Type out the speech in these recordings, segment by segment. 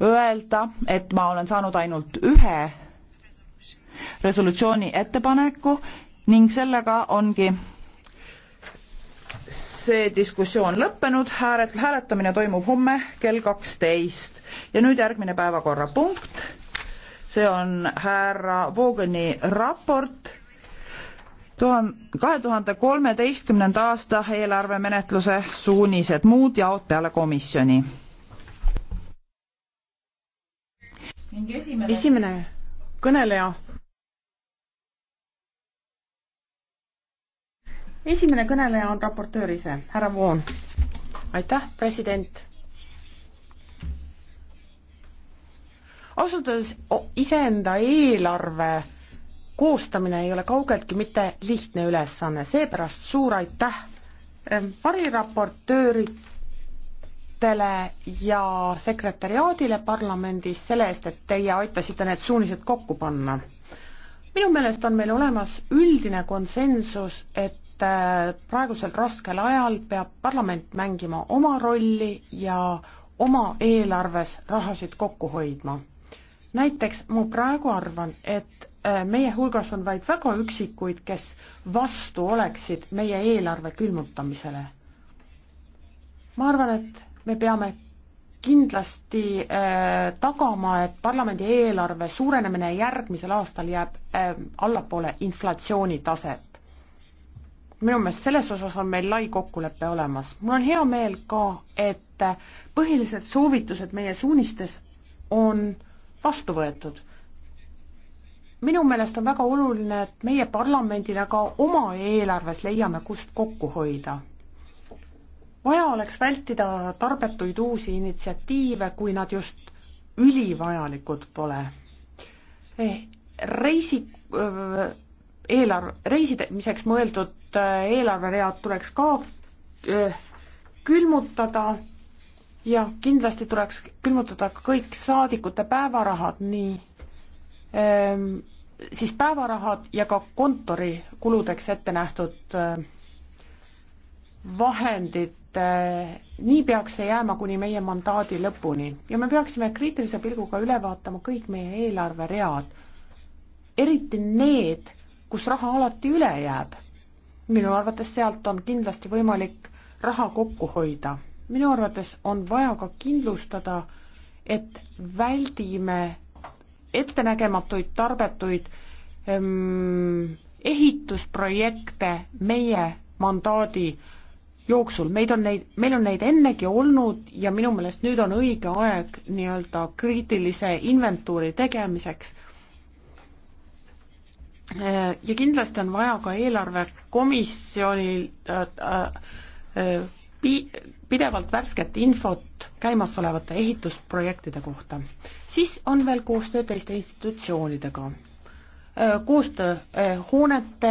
öelda, et ma olen saanud ainult ühe resolutsiooni ettepaneku ning sellega ongi see diskussioon lõppenud, häälet-, hääletamine toimub homme kell kaksteist ja nüüd järgmine päevakorrapunkt, see on härra Voogeni raport kahe tuhande kolmeteistkümnenda aasta eelarvemenetluse suunised, muud jaod peale komisjoni ning esimene esimene kõneleja. esimene kõneleja on raportöör ise, härra Voon. aitäh, president. ausalt öeldes iseenda eelarve koostamine ei ole kaugeltki mitte lihtne ülesanne, seepärast suur aitäh variraportöörid liikmetele ja sekretäriaadile parlamendis selle eest, et teie aitasite need suunised kokku panna. minu meelest on meil olemas üldine konsensus, et äh, praegusel raskel ajal peab parlament mängima oma rolli ja oma eelarves rahasid kokku hoidma. näiteks ma praegu arvan, et äh, meie hulgas on vaid väga üksikuid, kes vastu oleksid meie eelarve külmutamisele. ma arvan, et me peame kindlasti äh, tagama, et parlamendi eelarve suurenemine järgmisel aastal jääb äh, allapoole inflatsiooni taset. minu meelest selles osas on meil lai kokkulepe olemas. mul on hea meel ka, et äh, põhilised soovitused meie suunistes on vastu võetud. minu meelest on väga oluline, et meie parlamendina ka oma eelarves leiame, kust kokku hoida vaja oleks vältida tarbetuid uusi initsiatiive, kui nad just ülivajalikud pole. Eh, reisi, eelarve, reisimiseks mõeldud eh, eelarveread tuleks ka eh, külmutada ja kindlasti tuleks külmutada kõik saadikute päevarahad, nii ehm, siis päevarahad ja ka kontorikuludeks ette nähtud vahendid et äh, nii peaks see jääma kuni meie mandaadi lõpuni ja me peaksime kriitilise pilguga üle vaatama kõik meie eelarveread, eriti need, kus raha alati üle jääb. minu arvates sealt on kindlasti võimalik raha kokku hoida. minu arvates on vaja ka kindlustada, et väldime ettenägematuid, tarbetuid ehm, ehitusprojekte meie mandaadi jooksul, meid on neid, meil on neid ennegi olnud ja minu meelest nüüd on õige aeg nii-öelda kriitilise inventuuri tegemiseks. Äh, ja kindlasti on vaja ka eelarvekomisjonil äh, äh, pi-, pidevalt värsket infot käimasolevate ehitusprojektide kohta. siis on veel koostöö teiste institutsioonidega koostööhoonete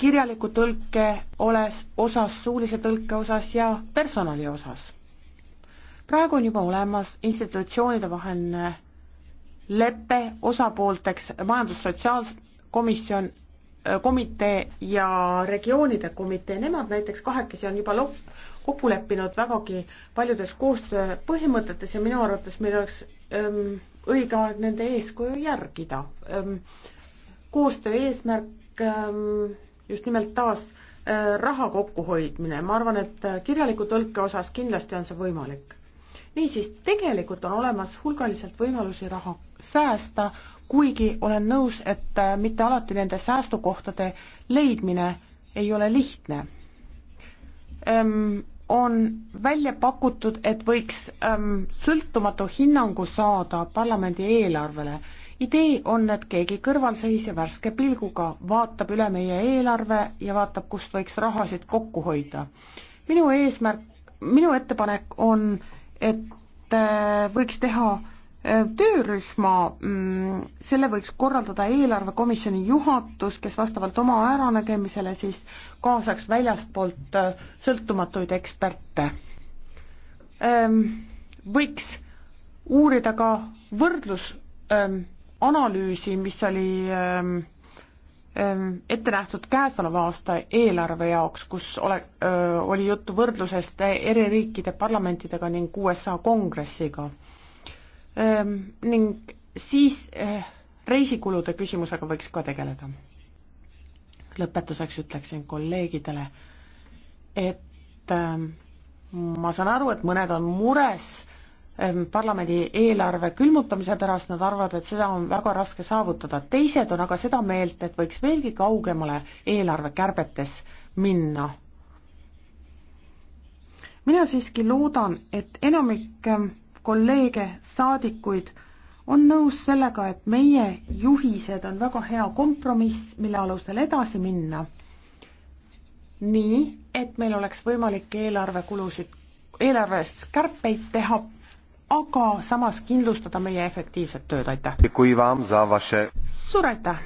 kirjaliku tõlke oles, osas, suulise tõlke osas ja personali osas. praegu on juba olemas institutsioonide vaheline lepe osapoolteks majandussotsiaalkomisjon, äh, komitee ja regioonide komitee, nemad näiteks kahekesi on juba lop-, kokku leppinud vägagi paljudes koostööpõhimõtetes ja minu arvates meil oleks öm, ähm, õige aeg nende eeskuju järgida. Ähm, koostöö eesmärk ähm, just nimelt taas äh, raha kokkuhoidmine, ma arvan, et äh, kirjaliku tõlke osas kindlasti on see võimalik. niisiis, tegelikult on olemas hulgaliselt võimalusi raha säästa, kuigi olen nõus, et äh, mitte alati nende säästukohtade leidmine ei ole lihtne. Ähm, on välja pakutud, et võiks ähm, sõltumatu hinnangu saada parlamendi eelarvele idee on, et keegi kõrvalseisja värske pilguga vaatab üle meie eelarve ja vaatab, kust võiks rahasid kokku hoida. minu eesmärk, minu ettepanek on, et äh, võiks teha äh, töörühma, mm, selle võiks korraldada eelarvekomisjoni juhatus, kes vastavalt oma äranägemisele siis kaasaks väljastpoolt äh, sõltumatuid eksperte. Ähm, võiks uurida ka võrdlus ähm, analüüsi, mis oli ähm, ähm, ette nähtud käesoleva aasta eelarve jaoks, kus ole, öö, oli juttu võrdlusest eri riikide parlamentidega ning USA kongressiga. Ähm, ning siis öö, äh, reisikulude küsimusega võiks ka tegeleda. lõpetuseks ütleksin kolleegidele, et öö, ähm, ma saan aru, et mõned on mures Ähm, parlamendi eelarve külmutamise pärast, nad arvavad, et seda on väga raske saavutada, teised on aga seda meelt, et võiks veelgi kaugemale eelarvekärbetes minna. mina siiski loodan, et enamik ähm, kolleege, saadikuid on nõus sellega, et meie juhised on väga hea kompromiss, mille alusel edasi minna. nii, et meil oleks võimalik eelarvekulusid, eelarvest kärpeid teha aga samas kindlustada meie efektiivset tööd, aitäh! suur aitäh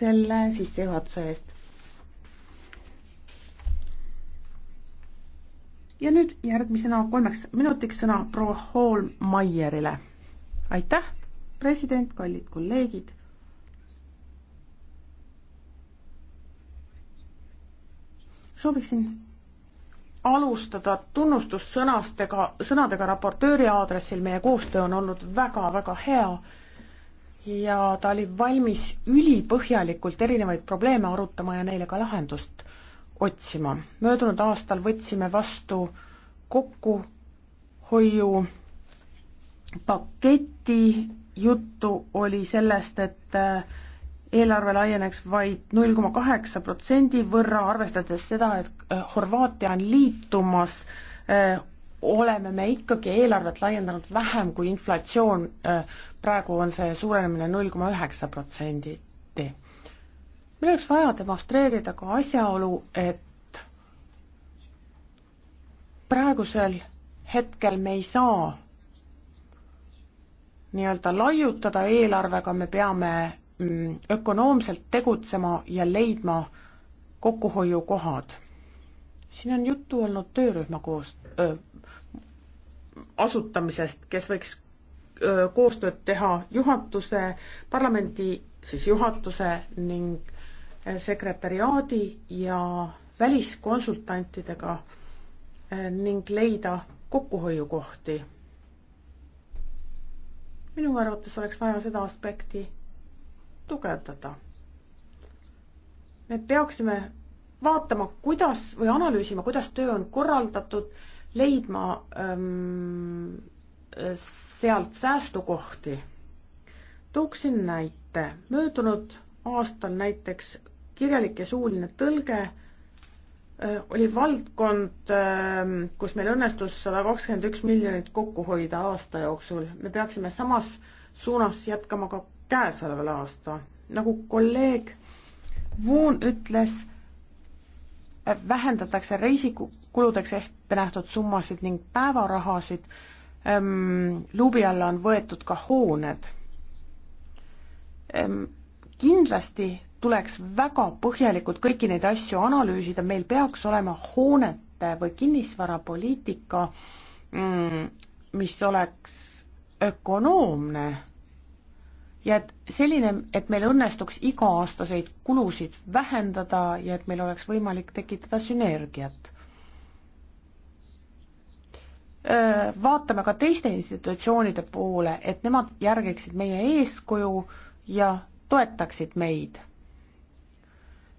selle sissejuhatuse eest! ja nüüd järgmisena kolmeks minutiks sõna proua Hoolmeierile. aitäh, president, kallid kolleegid. sooviksin alustada tunnustussõnastega, sõnadega raportööri aadressil, meie koostöö on olnud väga-väga hea ja ta oli valmis ülipõhjalikult erinevaid probleeme arutama ja neile ka lahendust otsima. möödunud aastal võtsime vastu kokkuhoiupaketi, juttu oli sellest, et eelarve laieneks vaid null koma kaheksa protsendi võrra, arvestades seda, et äh, Horvaatia on liitumas, äh, oleme me ikkagi eelarvet laiendanud vähem kui inflatsioon, äh, praegu on see suurenemine null koma üheksa protsendi. meil oleks vaja demonstreerida ka asjaolu, et praegusel hetkel me ei saa nii-öelda laiutada eelarvega, me peame Mm, ökonoomselt tegutsema ja leidma kokkuhoiukohad. siin on juttu olnud töörühma koos- öö, asutamisest, kes võiks öö, koostööd teha juhatuse, parlamendi siis juhatuse ning sekretäriaadi ja väliskonsultantidega ning leida kokkuhoiukohti. minu arvates oleks vaja seda aspekti tugevdada. me peaksime vaatama, kuidas või analüüsima, kuidas töö on korraldatud, leidma ähm, sealt säästukohti. tooksin näite, möödunud aastal näiteks kirjalik ja suuline tõlge äh, oli valdkond, ähm, kus meil õnnestus sada kakskümmend üks miljonit kokku hoida aasta jooksul. me peaksime samas suunas jätkama ka käesoleval aastal. nagu kolleeg Voon ütles, vähendatakse reisikuludeks ehk nähtud summasid ning päevarahasid, ehm, luubi alla on võetud ka hooned. Ehm, kindlasti tuleks väga põhjalikult kõiki neid asju analüüsida, meil peaks olema hoonete või kinnisvarapoliitika, mm, mis oleks ökonoomne ja et selline, et meil õnnestuks iga-aastaseid kulusid vähendada ja et meil oleks võimalik tekitada sünergiat. Vaatame ka teiste institutsioonide poole, et nemad järgiksid meie eeskuju ja toetaksid meid.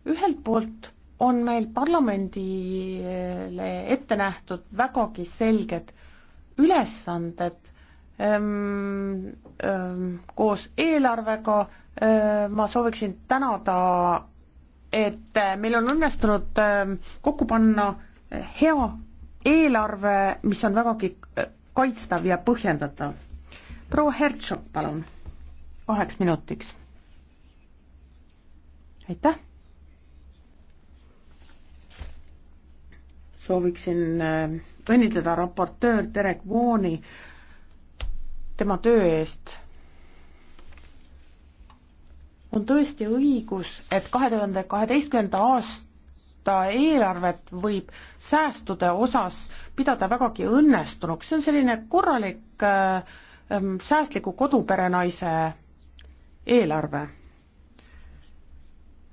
ühelt poolt on meil parlamendile ette nähtud vägagi selged ülesanded Ehm, ehm, koos eelarvega ehm, ma sooviksin tänada, et eh, meil on õnnestunud kokku panna eh, hea eelarve, mis on vägagi eh, kaitstav ja põhjendatav. proua Hertšok, palun, kaheks minutiks. aitäh. sooviksin õnnitleda raportöör Derek Vooni äh, tema töö eest. on tõesti õigus, et kahe tuhande kaheteistkümnenda aasta eelarvet võib säästude osas pidada vägagi õnnestunuks, see on selline korralik äh, ähm, säästliku koduperenaise eelarve.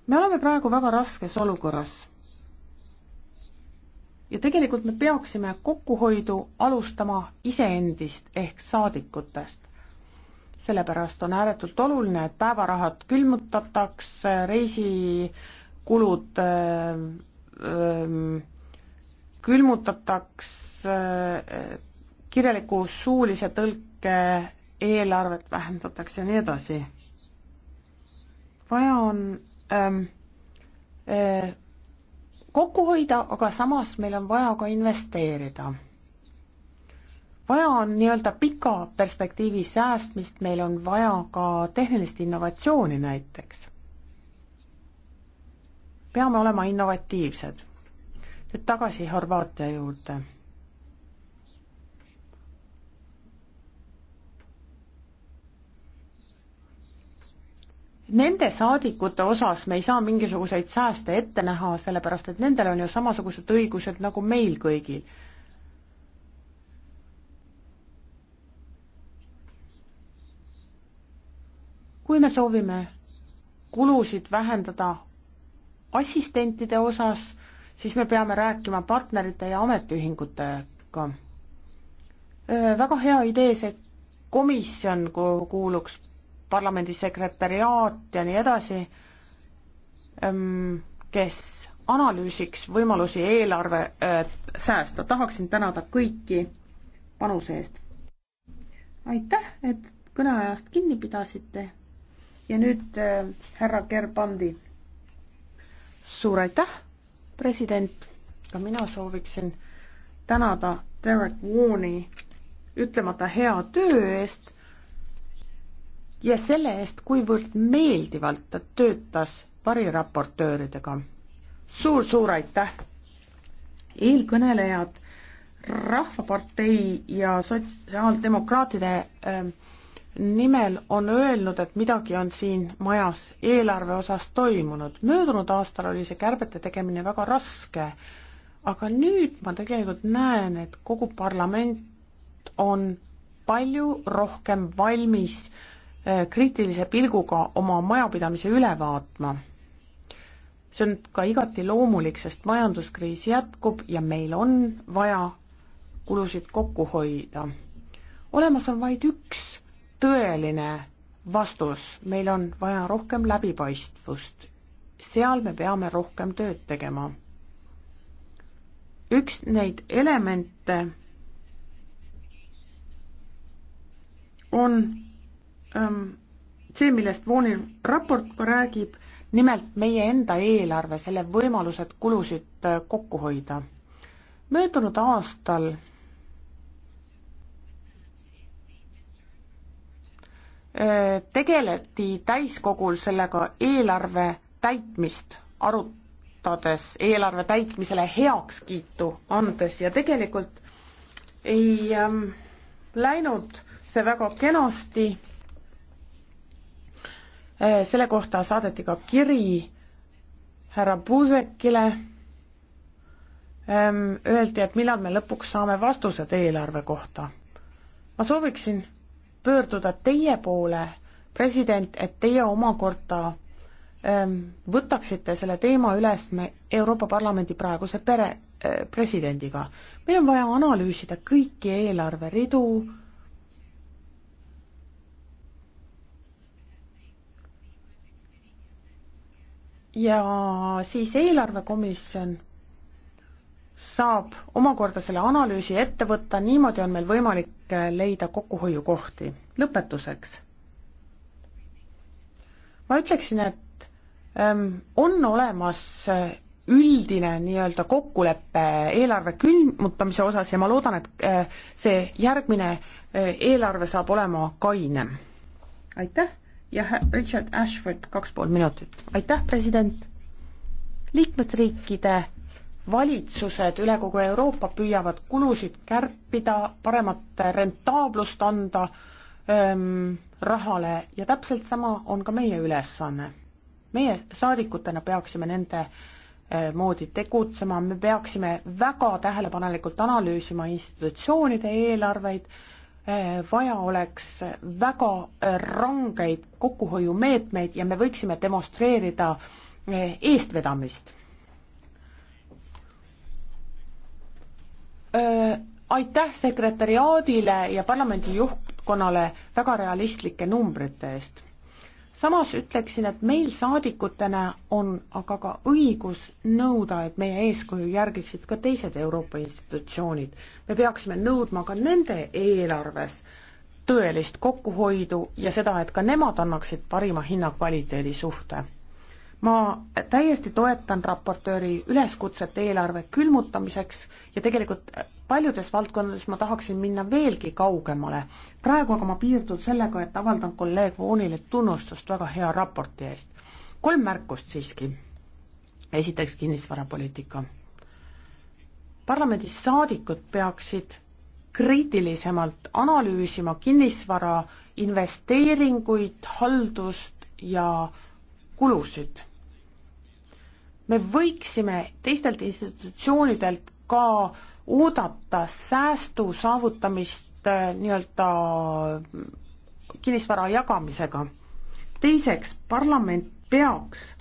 me oleme praegu väga raskes olukorras ja tegelikult me peaksime kokkuhoidu alustama iseendist ehk saadikutest. sellepärast on ääretult oluline, et päevarahad külmutatakse, reisikulud äh, ähm, külmutatakse, äh, kirjaliku suulise tõlke eelarvet vähendatakse ja nii edasi. vaja on ähm, äh, kokku hoida, aga samas meil on vaja ka investeerida. vaja on nii-öelda pika perspektiivi säästmist, meil on vaja ka tehnilist innovatsiooni näiteks. peame olema innovatiivsed. nüüd tagasi Horvaatia juurde Nende saadikute osas me ei saa mingisuguseid sääste ette näha, sellepärast et nendel on ju samasugused õigused nagu meil kõigil. kui me soovime kulusid vähendada assistentide osas, siis me peame rääkima partnerite ja ametiühingutega. väga hea idee see komisjon kuuluks parlamendi sekretäriaat ja nii edasi, ehm, kes analüüsiks võimalusi eelarve äh, säästa, tahaksin tänada kõiki panuse eest. aitäh, et kõneajast kinni pidasite ja nüüd äh, härra Gerbandi. suur aitäh, president, ka mina sooviksin tänada Derek Warni ütlemata hea töö eest ja selle eest, kuivõrd meeldivalt ta töötas variraportööridega suur,. suur-suur aitäh! eelkõnelejad Rahvapartei ja sotsiaaldemokraatide äh, nimel on öelnud, et midagi on siin majas eelarve osas toimunud. möödunud aastal oli see kärbete tegemine väga raske, aga nüüd ma tegelikult näen, et kogu parlament on palju rohkem valmis äh, Äh, kriitilise pilguga oma majapidamise üle vaatma. see on ka igati loomulik, sest majanduskriis jätkub ja meil on vaja kulusid kokku hoida. olemas on vaid üks tõeline vastus, meil on vaja rohkem läbipaistvust. seal me peame rohkem tööd tegema. üks neid elemente on see, millest Vooni raport ka räägib, nimelt meie enda eelarve, selle võimalused kulusid äh, kokku hoida. möödunud aastal äh, tegeleti täiskogul sellega eelarve täitmist arutades, eelarve täitmisele heakskiitu andes ja tegelikult ei ähm, läinud see väga kenasti Äh, selle kohta saadeti ka kiri härra Puusekile, ähm, öeldi, et millal me lõpuks saame vastused eelarve kohta. ma sooviksin pöörduda teie poole, president, et teie omakorda ähm, võtaksite selle teema üles me Euroopa Parlamendi praeguse pere, äh, presidendiga. meil on vaja analüüsida kõiki eelarveridu, ja siis eelarvekomisjon saab omakorda selle analüüsi ette võtta, niimoodi on meil võimalik leida kokkuhoiukohti. lõpetuseks. ma ütleksin, et ähm, on olemas üldine nii-öelda kokkulepe eelarve külmutamise osas ja ma loodan, et äh, see järgmine äh, eelarve saab olema kainem. aitäh ja Richard Ashford kaks pool minutit. aitäh, president! liikmesriikide valitsused üle kogu Euroopa püüavad kulusid kärpida, paremat rentaablust anda ähm, rahale ja täpselt sama on ka meie ülesanne. meie saadikutena peaksime nende äh, moodi tegutsema, me peaksime väga tähelepanelikult analüüsima institutsioonide eelarveid äh,, Äh, vaja oleks väga äh, rangeid kokkuhoiumeetmeid ja me võiksime demonstreerida äh, eestvedamist. aitäh sekretäriaadile ja parlamendi juhtkonnale väga realistlike numbrite eest samas ütleksin, et meil saadikutena on aga ka õigus nõuda, et meie eeskuju järgiksid ka teised Euroopa institutsioonid. me peaksime nõudma ka nende eelarves tõelist kokkuhoidu ja seda, et ka nemad annaksid parima hinnakvaliteedi suhte. ma täiesti toetan raportööri üleskutset eelarve külmutamiseks ja tegelikult paljudes valdkondades ma tahaksin minna veelgi kaugemale. praegu aga ma piirdun sellega, et avaldan kolleeg Voonile tunnustust väga hea raporti eest. kolm märkust siiski. esiteks kinnisvarapoliitika. parlamendis saadikud peaksid kriitilisemalt analüüsima kinnisvara investeeringuid, haldust ja kulusid. me võiksime teistelt institutsioonidelt ka oodata säästu saavutamist äh, nii-öelda kinnisvara jagamisega. teiseks, parlament peaks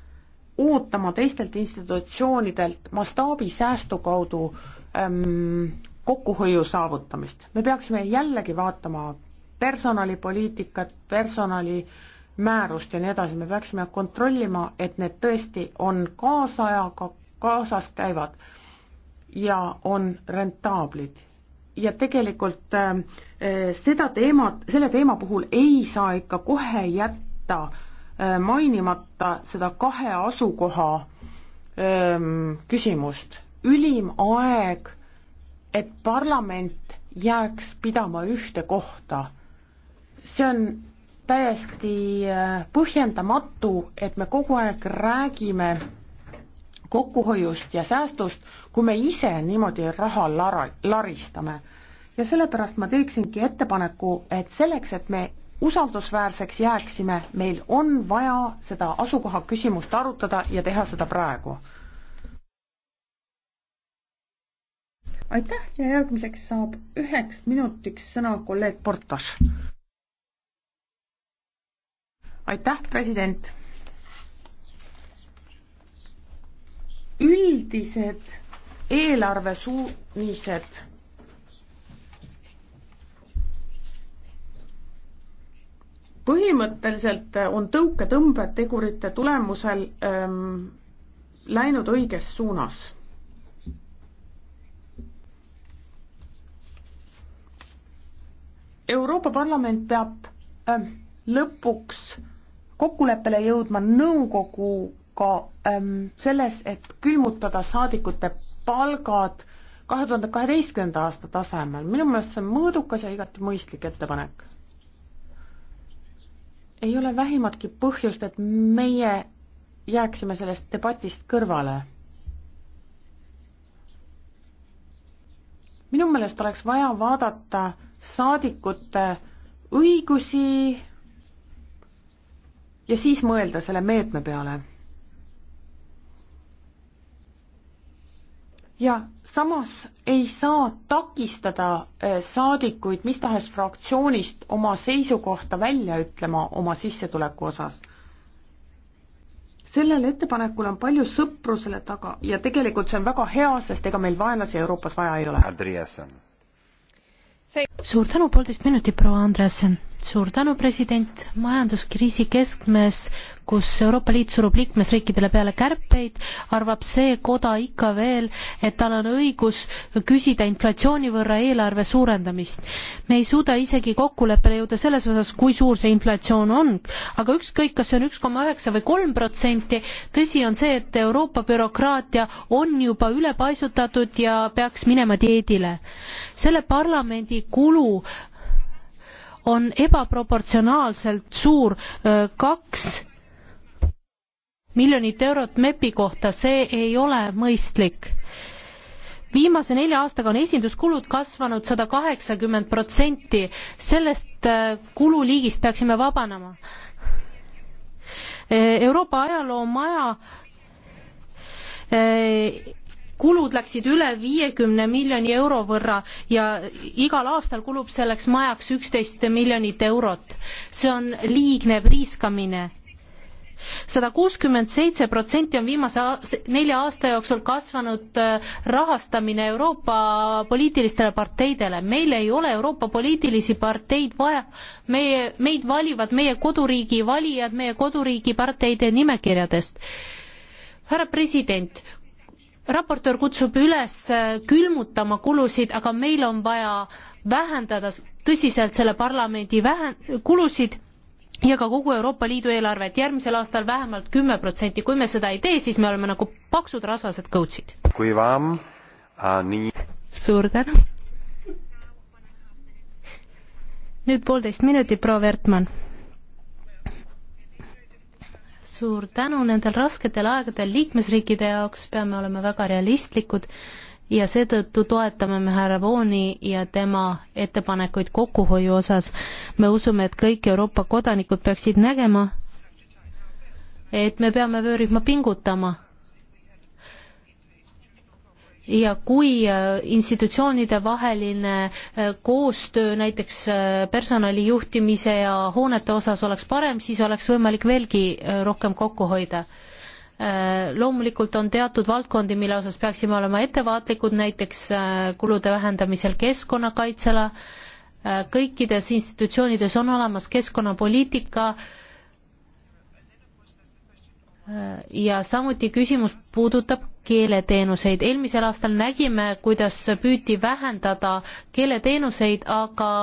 ootama teistelt institutsioonidelt mastaabisäästu kaudu ähm, kokkuhoiu saavutamist. me peaksime jällegi vaatama personalipoliitikat, personalimäärust ja nii edasi, me peaksime kontrollima, et need tõesti on kaasajaga kaasas käivad ja on rentaablid. ja tegelikult äh, seda teemat, selle teema puhul ei saa ikka kohe jätta äh, mainimata seda kahe asukoha äh, küsimust. ülim aeg, et parlament jääks pidama ühte kohta. see on täiesti äh, põhjendamatu, et me kogu aeg räägime äh, kokkuhoiust ja säästust, kui me ise niimoodi raha lara-, laristame. ja sellepärast ma teeksingi ettepaneku, et selleks, et me usaldusväärseks jääksime, meil on vaja seda asukoha küsimust arutada ja teha seda praegu. aitäh ja järgmiseks saab üheks minutiks sõna kolleeg Portas. aitäh, president üldised eelarvesuunised põhimõtteliselt on tõuketõmbetegurite tulemusel ähm, läinud õiges suunas. Euroopa Parlament peab ähm, lõpuks kokkuleppele jõudma nõukogu ka ähm, selles, et külmutada saadikute palgad kahe tuhande kaheteistkümnenda aasta tasemel. minu meelest see on mõõdukas ja igati mõistlik ettepanek. ei ole vähimatki põhjust, et meie jääksime sellest debatist kõrvale. minu meelest oleks vaja vaadata saadikute õigusi ja siis mõelda selle meetme peale ja samas ei saa takistada äh, saadikuid mis tahes fraktsioonist oma seisukohta välja ütlema oma sissetuleku osas. sellel ettepanekul on palju sõpru selle taga ja tegelikult see on väga hea, sest ega meil vaenlasi Euroopas vaja ei ole. suur tänu, poolteist minutit, proua Andresen. suur tänu, president, majanduskriisi keskmes kus Euroopa Liit surub liikmesriikidele peale kärpeid, arvab see koda ikka veel, et tal on õigus küsida inflatsiooni võrra eelarve suurendamist. me ei suuda isegi kokkuleppele jõuda selles osas, kui suur see inflatsioon on, aga ükskõik, kas see on üks koma üheksa või kolm protsenti, tõsi on see, et Euroopa bürokraatia on juba ülepaisutatud ja peaks minema dieedile. selle parlamendi kulu on ebaproportsionaalselt suur, kaks miljonit eurot MEP-i kohta, see ei ole mõistlik viimase nelja aastaga on esinduskulud kasvanud sada kaheksakümmend protsenti, sellest äh, kululiigist peaksime vabanema. Äh, Euroopa ajaloomaja äh, kulud läksid üle viiekümne miljoni euro võrra ja igal aastal kulub selleks majaks üksteist miljonit eurot. see on liigne priiskamine sada kuuskümmend seitse protsenti on viimase nelja aasta jooksul kasvanud äh, rahastamine Euroopa poliitilistele parteidele. meil ei ole Euroopa poliitilisi parteid vaja, meie, meid valivad meie koduriigi valijad meie koduriigi parteide nimekirjadest. härra president, raportöör kutsub üles äh, külmutama kulusid, aga meil on vaja vähendada tõsiselt selle parlamendi vähe-, kulusid ja ka kogu Euroopa Liidu eelarvet järgmisel aastal vähemalt kümme protsenti, kui me seda ei tee, siis me oleme nagu paksud rasvased kõutsid. kui vam, nii. suur tänu. nüüd poolteist minutit, proua Vertmann. suur tänu, nendel rasketel aegadel liikmesriikide jaoks peame olema väga realistlikud ja seetõttu toetame me härra Vooni ja tema ettepanekuid kokkuhoiu osas. me usume, et kõik Euroopa kodanikud peaksid nägema, et me peame vöörühma pingutama. ja kui äh, institutsioonide vaheline äh, koostöö näiteks äh, personali juhtimise ja hoonete osas oleks parem, siis oleks võimalik veelgi rohkem kokku hoida Äh, loomulikult on teatud valdkondi, mille osas peaksime olema ettevaatlikud, näiteks äh, kulude vähendamisel keskkonnakaitsele, äh, kõikides institutsioonides on olemas keskkonnapoliitika ja samuti küsimus puudutab keeleteenuseid. eelmisel aastal nägime, kuidas püüti vähendada keeleteenuseid, aga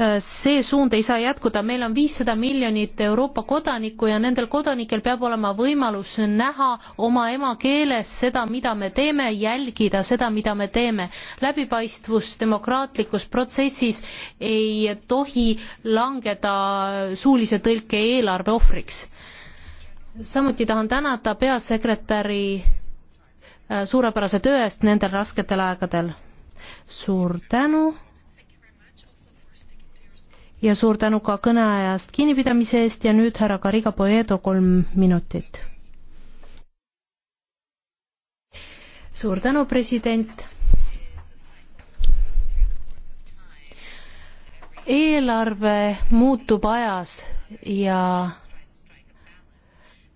Äh, see suund ei saa jätkuda, meil on viissada miljonit Euroopa kodanikku ja nendel kodanikel peab olema võimalus näha oma emakeeles seda, mida me teeme, jälgida seda, mida me teeme. läbipaistvus demokraatlikus protsessis ei tohi langeda suulise tõlke eelarve ohvriks. samuti tahan tänada peasekretäri äh, suurepärase töö eest nendel rasketel aegadel. suur tänu ja suur tänu ka kõneajast kinnipidamise eest ja nüüd härra Kariga Poedo kolm minutit. suur tänu, president. eelarve muutub ajas ja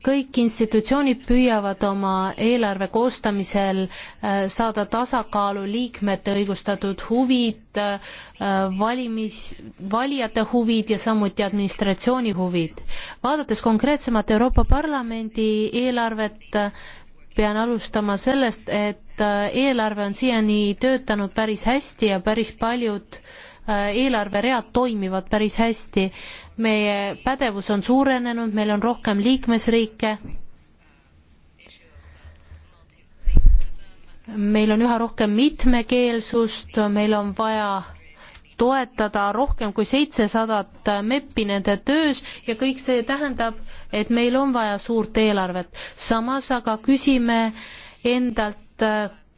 kõik institutsioonid püüavad oma eelarve koostamisel äh, saada tasakaalu liikmete õigustatud huvid, äh, valimis, valijate huvid ja samuti administratsiooni huvid. vaadates konkreetsemat Euroopa Parlamendi eelarvet, pean alustama sellest, et äh, eelarve on siiani töötanud päris hästi ja päris paljud eelarveread toimivad päris hästi meie pädevus on suurenenud, meil on rohkem liikmesriike, meil on üha rohkem mitmekeelsust, meil on vaja toetada rohkem kui seitsesadat MEP-i nende töös ja kõik see tähendab, et meil on vaja suurt eelarvet. samas aga küsime endalt,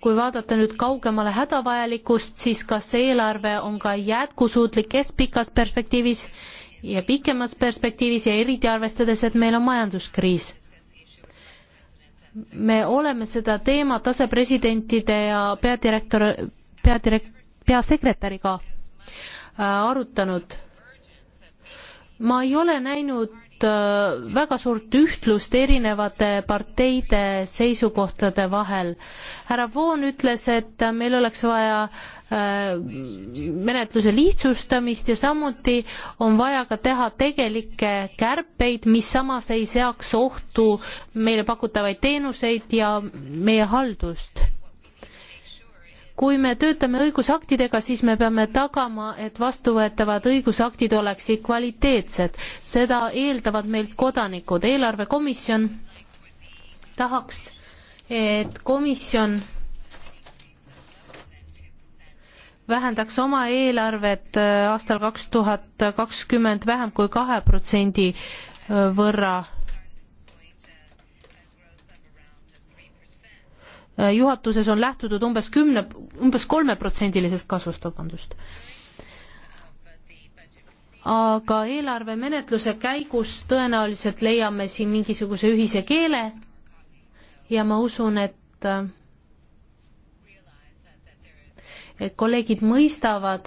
kui vaadata nüüd kaugemale hädavajalikust, siis kas see eelarve on ka jätkusuutlik keskpikas perspektiivis ja pikemas perspektiivis ja eriti arvestades, et meil on majanduskriis me oleme seda teemat asepresidentide ja peadirektor, peadirek-, peasekretäriga äh, arutanud. ma ei ole näinud äh, väga suurt ühtlust erinevate parteide seisukohtade vahel. härra Voon ütles, et meil oleks vaja äh, Äh, menetluse lihtsustamist ja samuti on vaja ka teha tegelikke kärpeid, mis samas ei seaks ohtu meile pakutavaid teenuseid ja meie haldust kui me töötame õigusaktidega, siis me peame tagama, et vastuvõetavad õigusaktid oleksid kvaliteetsed. seda eeldavad meilt kodanikud. eelarvekomisjon tahaks, et komisjon vähendaks oma eelarvet äh, aastal kaks tuhat kakskümmend vähem kui kahe protsendi äh, võrra. Äh, juhatuses on lähtutud umbes kümne umbes, umbes kolmeprotsendilisest kasvust, vabandust aga eelarvemenetluse käigus tõenäoliselt leiame siin mingisuguse ühise keele ja ma usun, et et kolleegid mõistavad,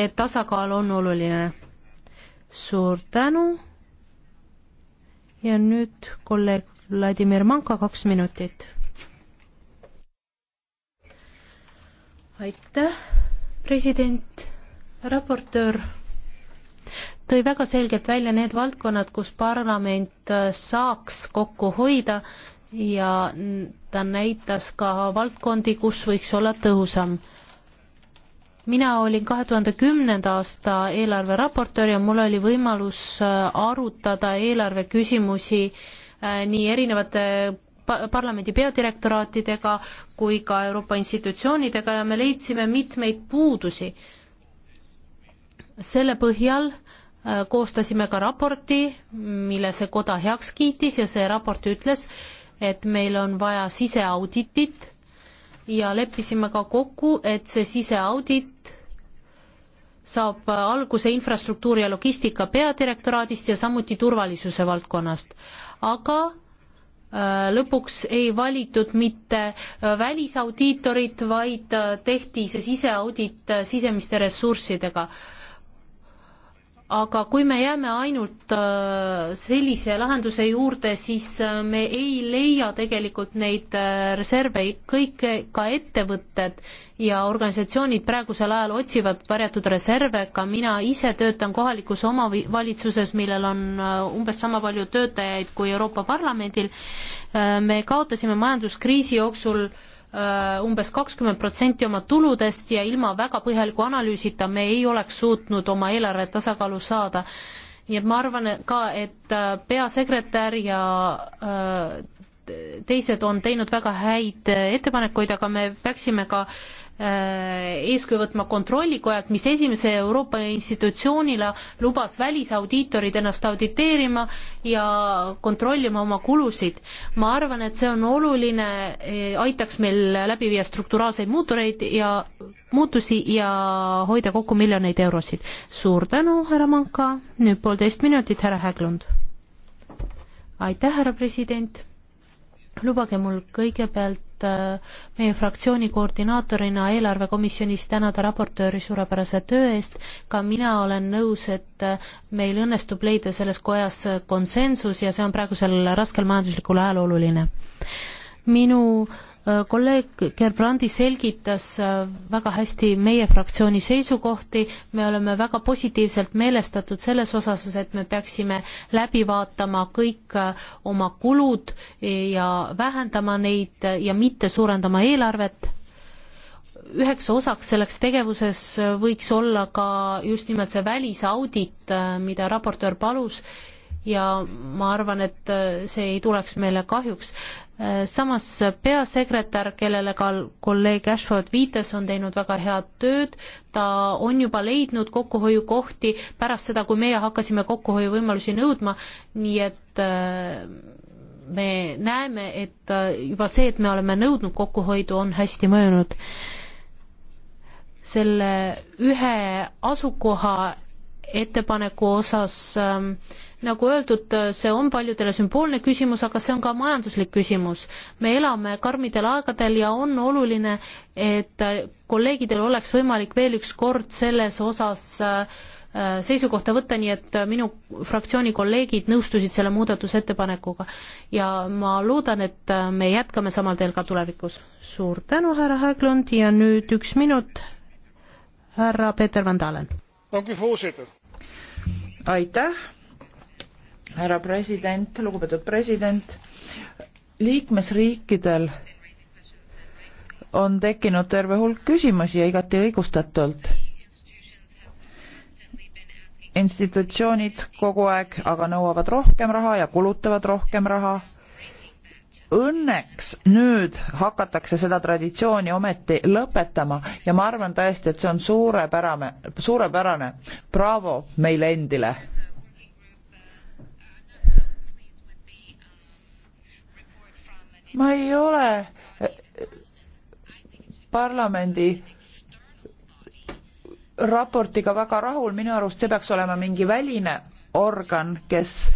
et tasakaal on oluline. suur tänu ja nüüd kolleeg Vladimir Manka, kaks minutit. aitäh, president, raportöör tõi väga selgelt välja need valdkonnad, kus parlament saaks kokku hoida ja ta näitas ka valdkondi, kus võiks olla tõhusam mina olin kahe tuhande kümnenda aasta eelarve raportöör ja mul oli võimalus äh, arutada eelarve küsimusi äh, nii erinevate parlamendi peadirektoraatidega kui ka Euroopa institutsioonidega ja me leidsime mitmeid puudusi. selle põhjal äh, koostasime ka raporti, mille see koda heaks kiitis ja see raport ütles, et meil on vaja siseauditit ja leppisime ka kokku, et see siseaudit saab alguse infrastruktuuri ja logistika peadirektoraadist ja samuti turvalisuse valdkonnast. aga äh, lõpuks ei valitud mitte äh, välisaudiitorit, vaid äh, tehti see siseaudit sisemiste ressurssidega aga kui me jääme ainult äh, sellise lahenduse juurde, siis äh, me ei leia tegelikult neid äh, reserve, kõik ka ettevõtted ja organisatsioonid praegusel ajal otsivad varjatud reserve, ka mina ise töötan kohalikus omavalitsuses, millel on umbes sama palju töötajaid kui Euroopa Parlamendil, me kaotasime majanduskriisi jooksul äh, Äh, umbes kakskümmend protsenti oma tuludest ja ilma väga põhjaliku analüüsita me ei oleks suutnud oma eelarvet tasakaalu saada. nii et ma arvan et ka, et äh, peasekretär ja äh, teised on teinud väga häid ettepanekuid, aga me peaksime ka äh, Äh, eeskuju võtma kontrollikojalt, mis esimese Euroopa institutsioonile lubas välisaudiitorid ennast auditeerima ja kontrollima oma kulusid. ma arvan, et see on oluline, äh, aitaks meil läbi viia strukturaalseid muutureid ja muutusi ja hoida kokku miljoneid eurosid. suur tänu, härra Manka, nüüd poolteist minutit, härra Häglund. aitäh, härra president, lubage mul kõigepealt Äh, meie fraktsiooni koordinaatorina eelarvekomisjonis tänada raportööri suurepärase töö eest, ka mina olen nõus, et äh, meil õnnestub leida selles kojas äh, konsensus ja see on praegusel raskel majanduslikul ajal oluline. minu äh, Äh, kolleeg Gerbrandi selgitas äh, väga hästi meie fraktsiooni seisukohti, me oleme väga positiivselt meelestatud selles osas, et me peaksime läbi vaatama kõik äh, oma kulud ja vähendama neid ja mitte suurendama eelarvet üheks osaks selleks tegevuses võiks olla ka just nimelt see välisaudit, mida raportöör palus ja ma arvan, et see ei tuleks meile kahjuks. Äh, samas peasekretär, kellele ka kolleeg Ashford viitas, on teinud väga head tööd, ta on juba leidnud kokkuhoiukohti pärast seda, kui meie hakkasime kokkuhoiuvõimalusi nõudma, nii et äh, me näeme, et äh, juba see, et me oleme nõudnud kokkuhoidu, on hästi mõjunud. selle ühe asukoha ettepaneku osas ähm, nagu öeldud, see on paljudele sümboolne küsimus, aga see on ka majanduslik küsimus. me elame karmidel aegadel ja on oluline, et kolleegidel oleks võimalik veel üks kord selles osas äh, seisukohta võtta, nii et minu fraktsiooni kolleegid nõustusid selle muudatusettepanekuga. ja ma loodan, et me jätkame samal teel ka tulevikus. suur tänu, härra Häglund ja nüüd üks minut, härra Peeter Van Dalen. aitäh härra president, lugupeetud president, liikmesriikidel on tekkinud terve hulk küsimusi ja igati õigustatult. institutsioonid kogu aeg aga nõuavad rohkem raha ja kulutavad rohkem raha. Õnneks nüüd hakatakse seda traditsiooni ometi lõpetama ja ma arvan tõesti, et see on suurepärane, suurepärane. Bravo meile endile ma ei ole eh, parlamendi raportiga väga rahul, minu arust see peaks olema mingi väline organ, kes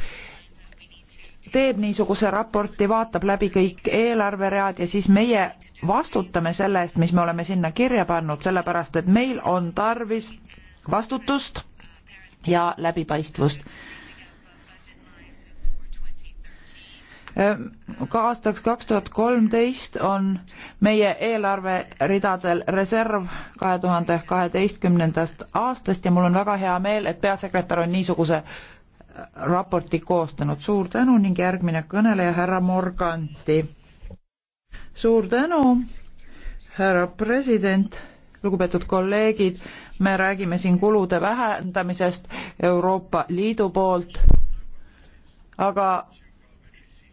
teeb niisuguse raporti, vaatab läbi kõik eelarveread ja siis meie vastutame selle eest, mis me oleme sinna kirja pannud, sellepärast et meil on tarvis vastutust ja läbipaistvust Ehm, ka aastaks kaks tuhat kolmteist on meie eelarveridadel reserv kahe tuhande kaheteistkümnendast aastast ja mul on väga hea meel, et peasekretär on niisuguse äh, raporti koostanud. suur tänu ning järgmine kõneleja, härra Morganti. suur tänu, härra president, lugupeetud kolleegid, me räägime siin kulude vähendamisest Euroopa Liidu poolt, aga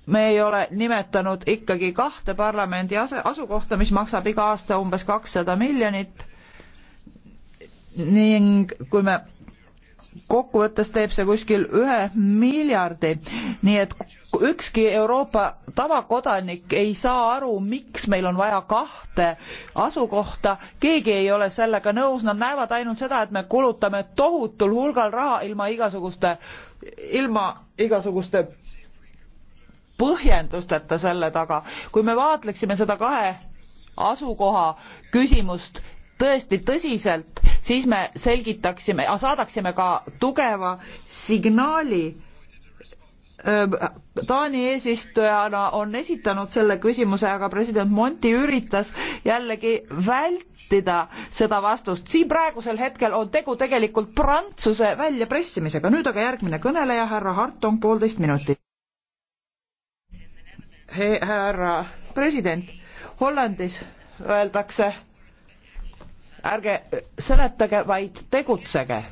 me ei ole nimetanud ikkagi kahte parlamendi asukohta, mis maksab iga aasta umbes kakssada miljonit. ning kui me kokkuvõttes teeb see kuskil ühe miljardi, nii et ükski Euroopa tavakodanik ei saa aru, miks meil on vaja kahte asukohta, keegi ei ole sellega nõus, nad näevad ainult seda, et me kulutame tohutul hulgal raha ilma igasuguste, ilma igasuguste põhjendusteta selle taga. kui me vaatleksime seda kahe asukoha küsimust tõesti tõsiselt, siis me selgitaksime ja saadaksime ka tugeva signaali. Äh, Taani eesistujana on esitanud selle küsimuse, aga president Monti üritas jällegi vältida seda vastust. siin praegusel hetkel on tegu tegelikult Prantsuse väljapressimisega. nüüd aga järgmine kõneleja, härra Hartong, poolteist minutit härra president, Hollandis öeldakse, ärge seletage, vaid tegutsege.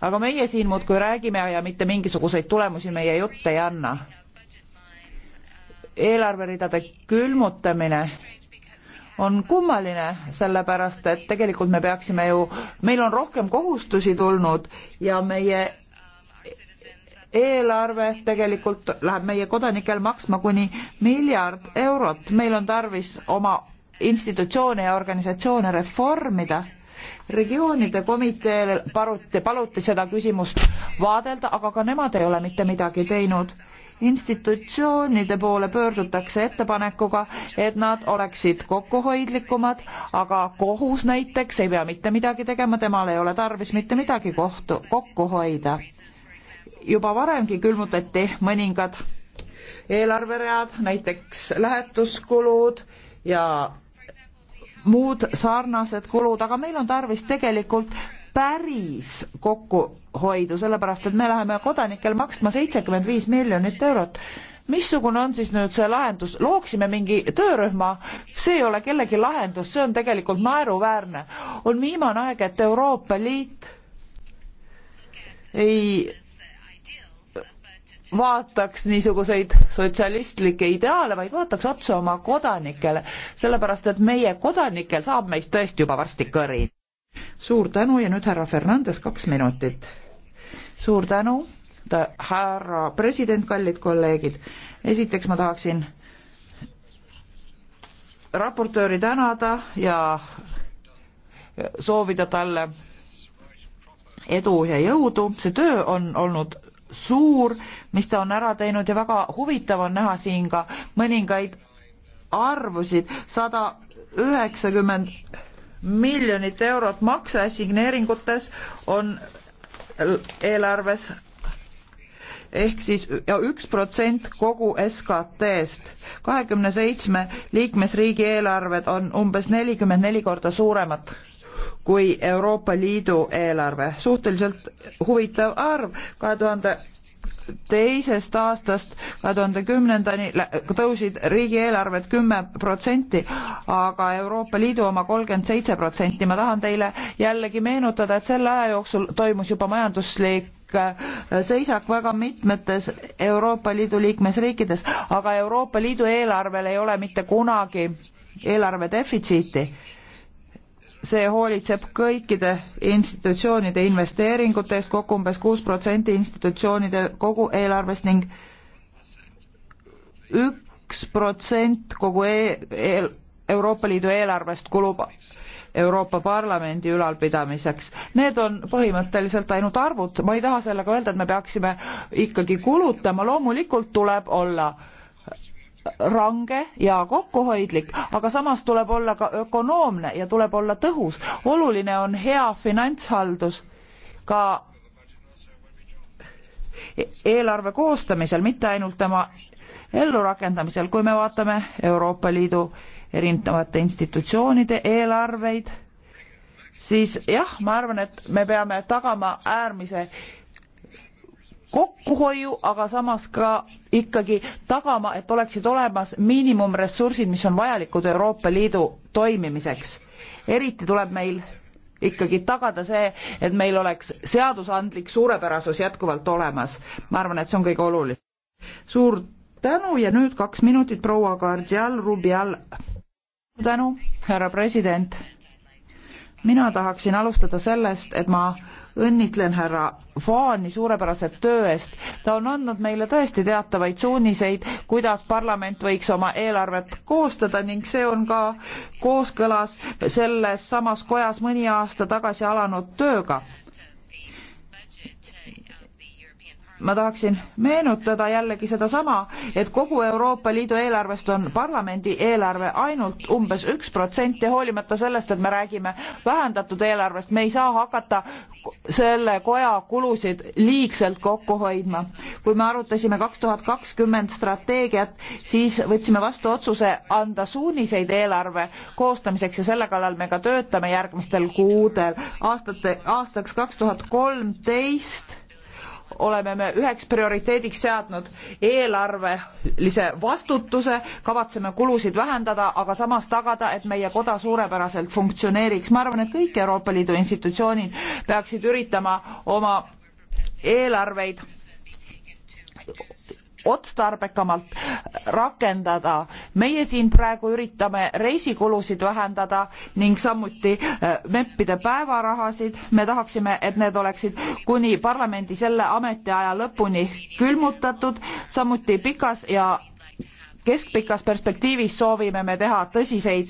aga meie siin muudkui räägime ja mitte mingisuguseid tulemusi meie jutt ei anna. eelarveridade külmutamine on kummaline, sellepärast et tegelikult me peaksime ju, meil on rohkem kohustusi tulnud ja meie eelarve tegelikult läheb meie kodanikel maksma kuni miljard eurot. meil on tarvis oma institutsioone ja organisatsioone reformida. regioonide komiteel paluti, paluti seda küsimust vaadelda, aga ka nemad ei ole mitte midagi teinud institutsioonide poole pöördutakse ettepanekuga, et nad oleksid kokkuhoidlikumad, aga kohus näiteks ei pea mitte midagi tegema, temal ei ole tarvis mitte midagi kohtu, kokku hoida juba varemgi külmutati mõningad eelarveread, näiteks lähetuskulud ja muud sarnased kulud, aga meil on tarvis tegelikult päris kokkuhoidu, sellepärast et me läheme kodanikel maksma seitsekümmend viis miljonit eurot. missugune on siis nüüd see lahendus, looksime mingi töörühma, see ei ole kellegi lahendus, see on tegelikult naeruväärne. on viimane aeg, et Euroopa Liit ei vaataks niisuguseid sotsialistlikke ideaale, vaid vaataks otsa oma kodanikele, sellepärast et meie kodanikel saab meist tõesti juba varsti kõri. suur tänu ja nüüd härra Fernandes, kaks minutit. suur tänu, härra president, kallid kolleegid. esiteks ma tahaksin raportööri tänada ja soovida talle edu ja jõudu, see töö on olnud suur, mis ta on ära teinud ja väga huvitav on näha siin ka mõningaid arvusid, sada üheksakümmend miljonit eurot makse signeeringutes on eelarves ehk siis üks protsent kogu SKT-st. kahekümne seitsme liikmesriigi eelarved on umbes nelikümmend neli korda suuremad kui Euroopa Liidu eelarve. suhteliselt huvitav arv, kahe tuhande teisest aastast kahe tuhande kümnendani tõusid riigieelarved kümme protsenti, aga Euroopa Liidu oma kolmkümmend seitse protsenti. ma tahan teile jällegi meenutada, et selle aja jooksul toimus juba majanduslik äh, seisak väga mitmetes Euroopa Liidu liikmesriikides, aga Euroopa Liidu eelarvel ei ole mitte kunagi eelarve defitsiiti see hoolitseb kõikide institutsioonide investeeringute eest kokku umbes kuus protsenti institutsioonide kogu eelarvest ning üks protsent kogu e eel Euroopa Liidu eelarvest kulub Euroopa Parlamendi ülalpidamiseks. Need on põhimõtteliselt ainult arvud, ma ei taha sellega öelda, et me peaksime ikkagi kulutama, loomulikult tuleb olla range ja kokkuhoidlik, aga samas tuleb olla ka ökonoomne ja tuleb olla tõhus. oluline on hea finantshaldus ka eelarve koostamisel, mitte ainult tema ellurakendamisel, kui me vaatame Euroopa Liidu erinevate institutsioonide eelarveid, siis jah, ma arvan, et me peame tagama äärmise kokkuhoiu, aga samas ka ikkagi tagama, et oleksid olemas miinimumressursid, mis on vajalikud Euroopa Liidu toimimiseks. eriti tuleb meil ikkagi tagada see, et meil oleks seadusandlik suurepärasus jätkuvalt olemas. ma arvan, et see on kõige olulisem. suur tänu ja nüüd kaks minutit proua Gardial Rubial. tänu, härra president. mina tahaksin alustada sellest, et ma õnnitlen härra Vaani suurepärase töö eest. ta on andnud meile tõesti teatavaid suuniseid, kuidas parlament võiks oma eelarvet koostada ning see on ka kooskõlas selles samas kojas mõni aasta tagasi alanud tööga ma tahaksin meenutada jällegi sedasama, et kogu Euroopa Liidu eelarvest on parlamendi eelarve ainult umbes üks protsent ja hoolimata sellest, et me räägime vähendatud eelarvest, me ei saa hakata selle koja kulusid liigselt kokku hoidma. kui me arutasime kaks tuhat kakskümmend strateegiat, siis võtsime vastu otsuse anda suuniseid eelarve koostamiseks ja selle kallal me ka töötame järgmistel kuudel. aastate, aastaks kaks tuhat kolmteist oleme me üheks prioriteediks seadnud eelarvelise vastutuse, kavatseme kulusid vähendada, aga samas tagada, et meie koda suurepäraselt funktsioneeriks. ma arvan, et kõik Euroopa Liidu institutsioonid peaksid üritama oma eelarveid otstarbekamalt rakendada. meie siin praegu üritame reisikulusid vähendada ning samuti äh, MEP-ide päevarahasid. me tahaksime, et need oleksid kuni parlamendi selle ametiaja lõpuni külmutatud, samuti pikas ja keskpikas perspektiivis soovime me teha tõsiseid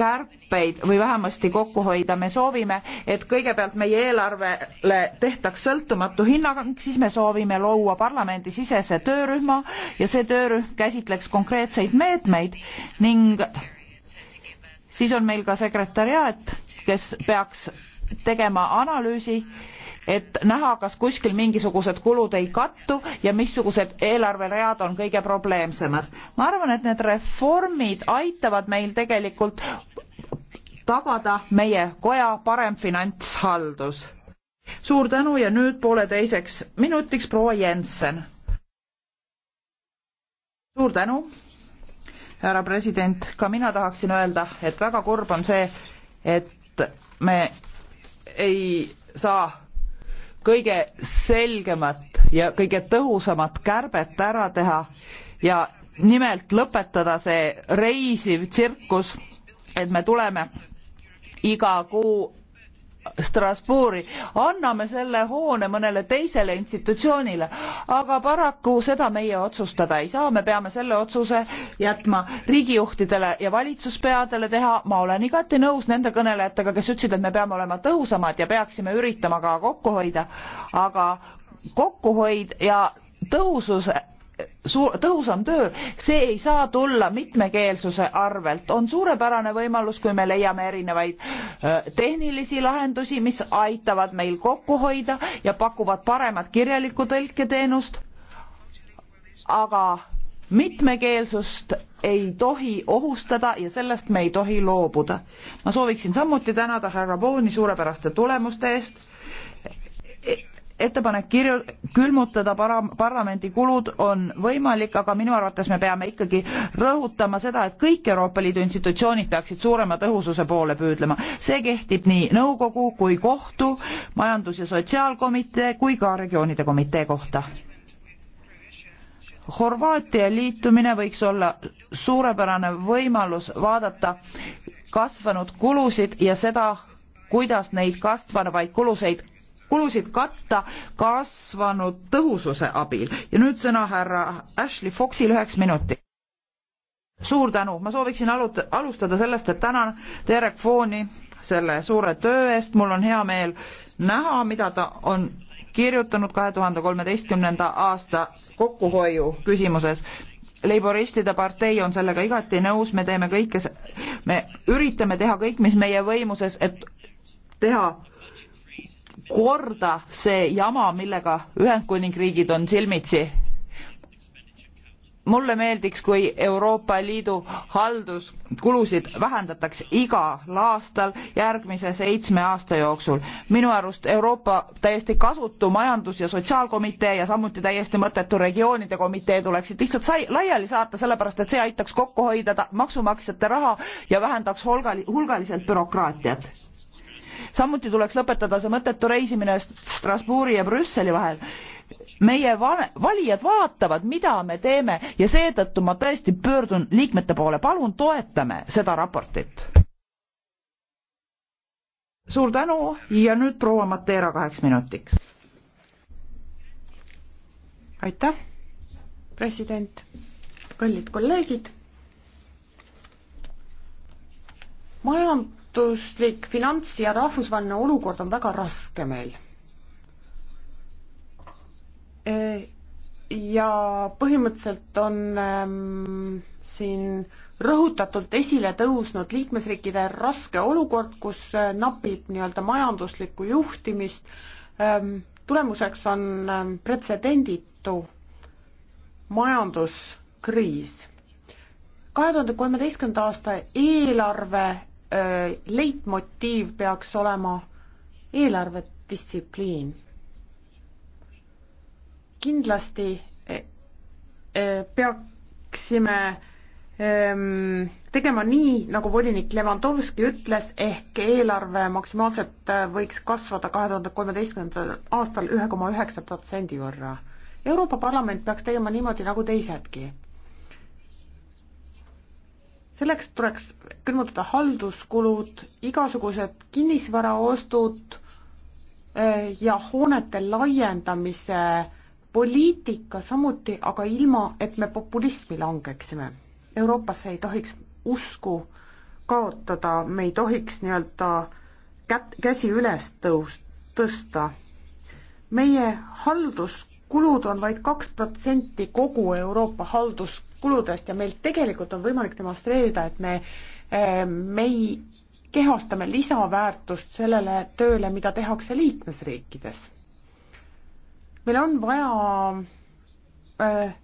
kärpeid või vähemasti kokku hoida, me soovime, et kõigepealt meie eelarvele tehtaks sõltumatu hinnang, siis me soovime luua parlamendisisese töörühma ja see töörühm käsitleks konkreetseid meetmeid ning siis on meil ka sekretäriaat, kes peaks tegema analüüsi et näha, kas kuskil mingisugused kulud ei kattu ja missugused eelarveread on kõige probleemsemad. ma arvan, et need reformid aitavad meil tegelikult tagada meie koja parem finantshaldus. suur tänu ja nüüd pooleteiseks minutiks proua Jensen. suur tänu, härra president, ka mina tahaksin öelda, et väga kurb on see, et me ei saa kõige selgemat ja kõige tõhusamat kärbet ära teha ja nimelt lõpetada see reisiv tsirkus, et me tuleme iga kuu Strasbourgi, anname selle hoone mõnele teisele institutsioonile, aga paraku seda meie otsustada ei saa, me peame selle otsuse jätma riigijuhtidele ja valitsuspeadele teha, ma olen igati nõus nende kõnelejatega, kes ütlesid, et me peame olema tõhusamad ja peaksime üritama ka kokku hoida, aga kokkuhoid ja tõhususe suur, tõhusam töö, see ei saa tulla mitmekeelsuse arvelt. on suurepärane võimalus, kui me leiame erinevaid äh, tehnilisi lahendusi, mis aitavad meil kokku hoida ja pakuvad paremat kirjalikku tõlketeenust. aga mitmekeelsust ei tohi ohustada ja sellest me ei tohi loobuda. ma sooviksin samuti tänada härra Booni suurepäraste tulemuste eest e, e, ettepanek kirju-, külmutada para-, parlamendi kulud on võimalik, aga minu arvates me peame ikkagi rõhutama seda, et kõik Euroopa Liidu institutsioonid peaksid suurema tõhususe poole püüdlema. see kehtib nii nõukogu kui kohtu majandus, majandus- ja sotsiaalkomitee kui ka regioonide komitee kohta. Horvaatia liitumine võiks olla suurepärane võimalus vaadata kasvanud kulusid ja seda, kuidas neid kasvavaid kulusid kulusid katta kasvanud tõhususe abil. ja nüüd sõna härra Ashley Foxil üheks minutiks. suur tänu, ma sooviksin alut-, alustada sellest, et tänan Derek Fooni selle suure töö eest, mul on hea meel näha, mida ta on kirjutanud kahe tuhande kolmeteistkümnenda aasta kokkuhoiu küsimuses. Leiboristide partei on sellega igati nõus, me teeme kõike, me üritame teha kõik, mis meie võimuses, et teha korda see jama, millega Ühendkuningriigid on silmitsi. mulle meeldiks, kui Euroopa Liidu halduskulusid vähendataks igal aastal järgmise seitsme aasta jooksul. minu arust Euroopa täiesti kasutu majandus- ja sotsiaalkomitee ja samuti täiesti mõttetu regioonide komitee tuleksid lihtsalt sai, laiali saata, sellepärast et see aitaks kokku hoida maksumaksjate raha ja vähendaks hulgali, hulgaliselt bürokraatiat samuti tuleks lõpetada see mõttetu reisimine Strasbourgi ja Brüsseli vahel meie valijad vaatavad, mida me teeme ja seetõttu ma tõesti pöördun liikmete poole, palun toetame seda raportit. suur tänu ja nüüd proua Mateera kaheks minutiks. aitäh, president, kallid kolleegid. maja majanduslik, finants ja rahvusvaheline olukord on väga raske meil. E, ja põhimõtteliselt on ähm, siin rõhutatult esile tõusnud liikmesriikide raske olukord, kus äh, napib nii-öelda majanduslikku juhtimist ähm,, tulemuseks on ähm, pretsedenditu majanduskriis kahe tuhande kolmeteistkümnenda aasta eelarve Äh, leitmotiiv peaks olema eelarvedistsipliin. kindlasti äh, äh, peaksime ähm, tegema nii, nagu volinik Levanovski ütles, ehk eelarve maksimaalselt võiks kasvada kahe tuhande kolmeteistkümnendal aastal ühe koma üheksa protsendi võrra. Euroopa Parlament peaks tegema niimoodi nagu teisedki selleks tuleks külmutada halduskulud, igasugused kinnisvaraostud eh, ja hoonete laiendamise poliitika samuti, aga ilma, et me populismi langeksime. Euroopasse ei tohiks usku kaotada, me ei tohiks nii-öelda kät-, käsi üles tõus-, tõsta. meie halduskulud on vaid kaks protsenti kogu Euroopa haldus kuludest ja meil tegelikult on võimalik demonstreerida, et me, eh, me ei kehastame lisaväärtust sellele tööle, mida tehakse liikmesriikides. meil on vaja äh,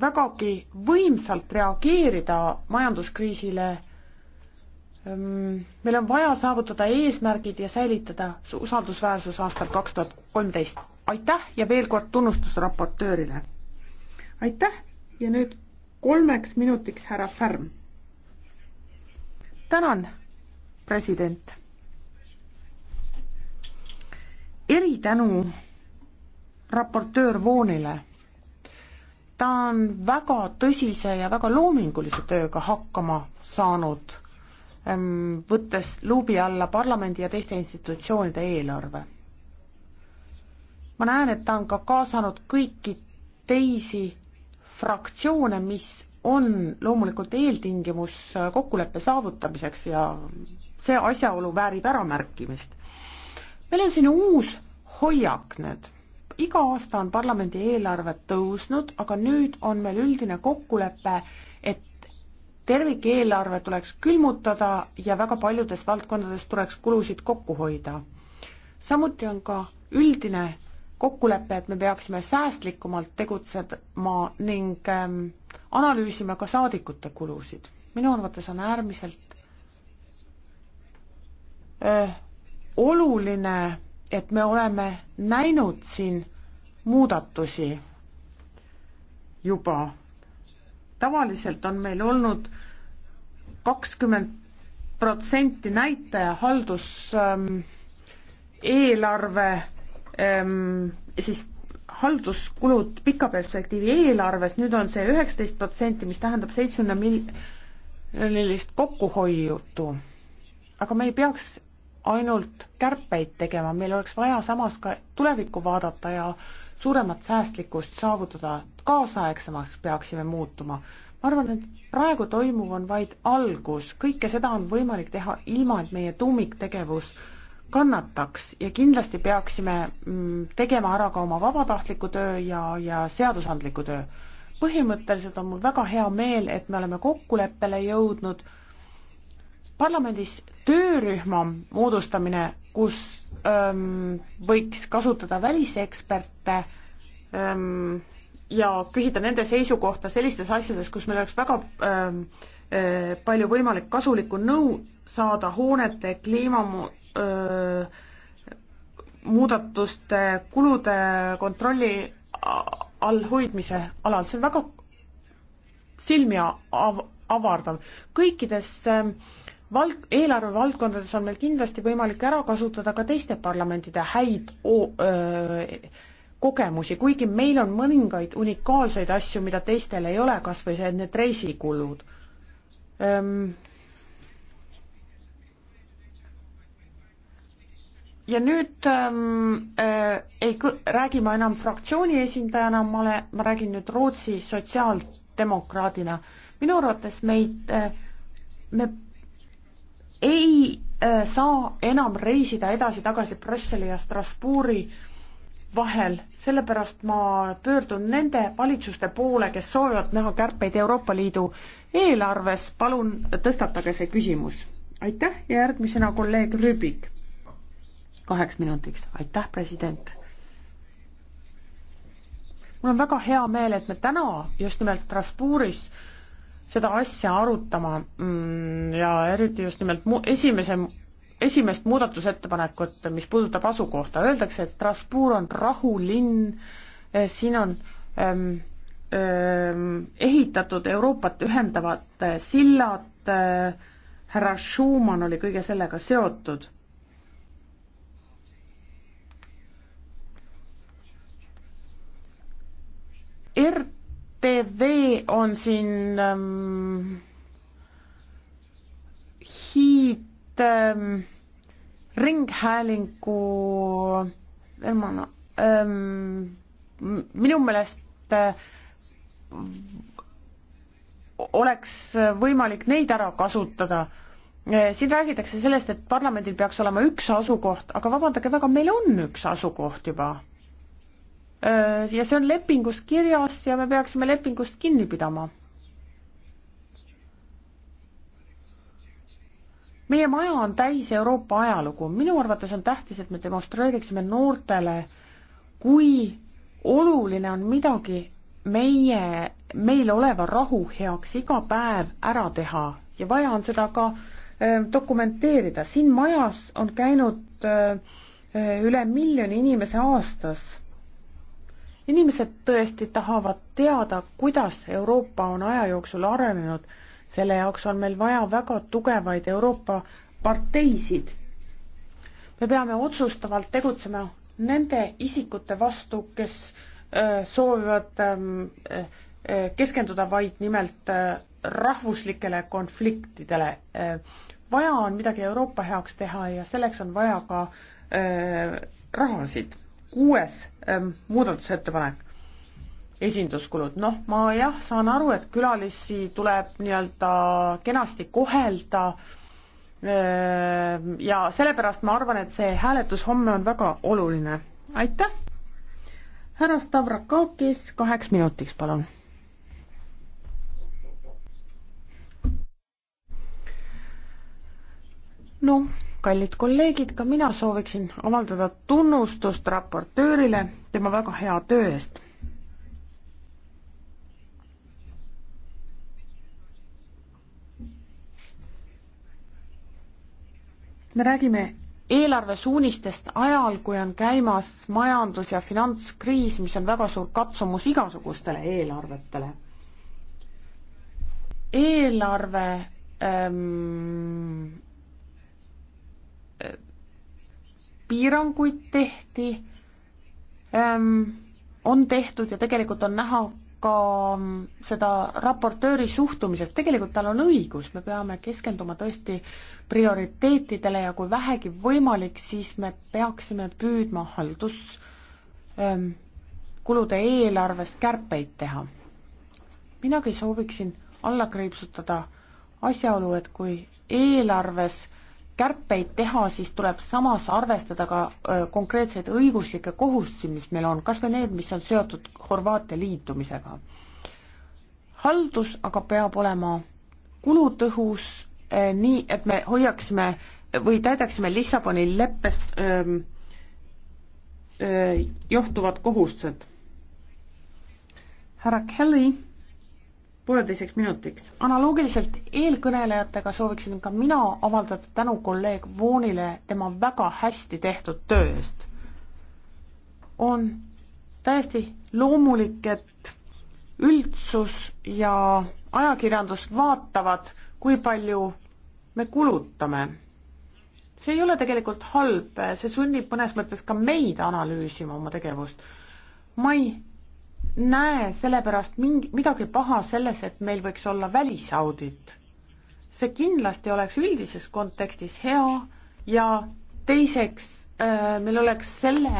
vägagi võimsalt reageerida majanduskriisile ähm,, meil on vaja saavutada eesmärgid ja säilitada usaldusväärsus aastal kaks tuhat kolmteist. aitäh ja veel kord tunnustus raportöörile! aitäh ja nüüd kolmeks minutiks härra Färm. tänan, president. eritänu raportöör Voonile. ta on väga tõsise ja väga loomingulise tööga hakkama saanud, ehm, võttes luubi alla parlamendi ja teiste institutsioonide eelarve. ma näen, et ta on ka kaasanud kõiki teisi fraktsioone, mis on loomulikult eeltingimus kokkuleppe saavutamiseks ja see asjaolu väärib äramärkimist. meil on siin uus hoiak nüüd iga aasta on parlamendi eelarved tõusnud, aga nüüd on meil üldine kokkulepe, et tervikeelarve tuleks külmutada ja väga paljudes valdkondades tuleks kulusid kokku hoida. samuti on ka üldine kokkulepe, et me peaksime säästlikumalt tegutsema ning ähm, analüüsima ka saadikute kulusid. minu arvates on äärmiselt äh, oluline, et me oleme näinud siin muudatusi juba. tavaliselt on meil olnud kakskümmend protsenti näitaja halduseelarve ähm, Ehm, siis halduskulud pika perspektiivi eelarves, nüüd on see üheksateist protsenti, mis tähendab seitsmekümne miljonilist kokkuhoiutu. aga me ei peaks ainult kärpeid tegema, meil oleks vaja samas ka tulevikku vaadata ja suuremat säästlikkust saavutada, kaasaegsemaks peaksime muutuma. ma arvan, et praegu toimuv on vaid algus, kõike seda on võimalik teha ilma, et meie tuumiktegevus kannataks ja kindlasti peaksime mm, tegema ära ka oma vabatahtliku töö ja, ja seadusandliku töö. põhimõtteliselt on mul väga hea meel, et me oleme kokkuleppele jõudnud parlamendis töörühma moodustamine, kus öm, ähm, võiks kasutada väliseksperte öm, ähm, ja küsida nende seisukohta sellistes asjades, kus meil oleks väga öö, ähm, äh, palju võimalik kasulikku nõu saada hoonete kliimamu-, öö, muudatuste kulude kontrolli all hoidmise alal, see on väga silmi av-, avardav. kõikides vald-, eelarvevaldkondades on meil kindlasti võimalik ära kasutada ka teiste parlamentide häid o-, öö, kogemusi, kuigi meil on mõningaid unikaalseid asju, mida teistel ei ole, kas või see, need reisikulud. ja nüüd ähm, äh, ei räägi ma enam fraktsiooni esindajana, ma ole, ma räägin nüüd Rootsi sotsiaaldemokraadina. minu arvates meid äh,, me ei äh, saa enam reisida edasi-tagasi Brüsseli ja Strasbourgi vahel, sellepärast ma pöördun nende valitsuste poole, kes soovivad näha kärpeid Euroopa Liidu eelarves, palun tõstatage see küsimus. aitäh ja järgmisena kolleeg Rüübik kaheks minutiks. aitäh, president! mul on väga hea meel, et me täna just nimelt Strasbourgis seda asja arutama mm, ja eriti just nimelt mu-, esimese, esimest muudatusettepanekut, mis puudutab asukohta, öeldakse, et Strasbourg on rahulinn, eh, siin on ähm, ähm, ehitatud Euroopat ühendavad äh, eh, sillad äh,, eh, härra Schumann oli kõige sellega seotud RTV on siin ähm, hiid ähm, ringhäälingu Elmana ähm,, minu meelest äh, oleks võimalik neid ära kasutada äh,. siin räägitakse sellest, et parlamendil peaks olema üks asukoht, aga vabandage väga, meil on üks asukoht juba Äh, ja see on lepingus kirjas ja me peaksime lepingust kinni pidama. meie maja on täis Euroopa ajalugu, minu arvates on tähtis, et me demonstreeriksime noortele, kui oluline on midagi meie, meil oleva rahu heaks iga päev ära teha ja vaja on seda ka äh, dokumenteerida, siin majas on käinud äh, äh üle miljoni inimese aastas inimesed tõesti tahavad teada, kuidas Euroopa on aja jooksul arenenud. selle jaoks on meil vaja väga tugevaid Euroopa parteisid. me peame otsustavalt tegutsema nende isikute vastu, kes öö, äh, soovivad öö, ähm, äh, keskenduda vaid nimelt äh, rahvuslikele konfliktidele. vaja on midagi Euroopa heaks teha ja selleks on vaja ka öö, rahasid kuues ähm, muudatusettepanek, esinduskulud, noh, ma jah, saan aru, et külalisi tuleb nii-öelda kenasti kohelda ähm, ja sellepärast ma arvan, et see hääletus homme on väga oluline. aitäh! härra Stavrakakis, kaheks minutiks, palun. noh kallid kolleegid, ka mina sooviksin avaldada tunnustust raportöörile tema väga hea töö eest. me räägime eelarvesuunistest ajal, kui on käimas majandus- ja finantskriis, mis on väga suur katsumus igasugustele eelarvetele. eelarve ähm, piiranguid tehti, ähm, on tehtud ja tegelikult on näha ka ähm, seda raportööri suhtumisest, tegelikult tal on õigus, me peame keskenduma tõesti prioriteetidele ja kui vähegi võimalik, siis me peaksime püüdma halduskulude ähm, eelarves kärpeid teha. minagi sooviksin alla kriipsutada asjaolu, et kui eelarves kärpeid teha, siis tuleb samas arvestada ka konkreetseid õiguslikke kohustusi, mis meil on, kas või need, mis on seotud Horvaatia liitumisega. haldus aga peab olema kulutõhus eh, nii, et me hoiaksime või täidaksime Lissaboni leppest öö, öö, johtuvad kohustused. härra Kelly pooleteiseks minutiks. analoogiliselt eelkõnelejatega sooviksin ka mina avaldada tänu kolleeg Voonile tema väga hästi tehtud töö eest. on täiesti loomulik, et üldsus ja ajakirjandus vaatavad, kui palju me kulutame. see ei ole tegelikult halb, see sunnib mõnes mõttes ka meid analüüsima oma tegevust. ma ei näe sellepärast mingi, midagi paha selles, et meil võiks olla välisaudit. see kindlasti oleks üldises kontekstis hea ja teiseks äh, meil oleks selle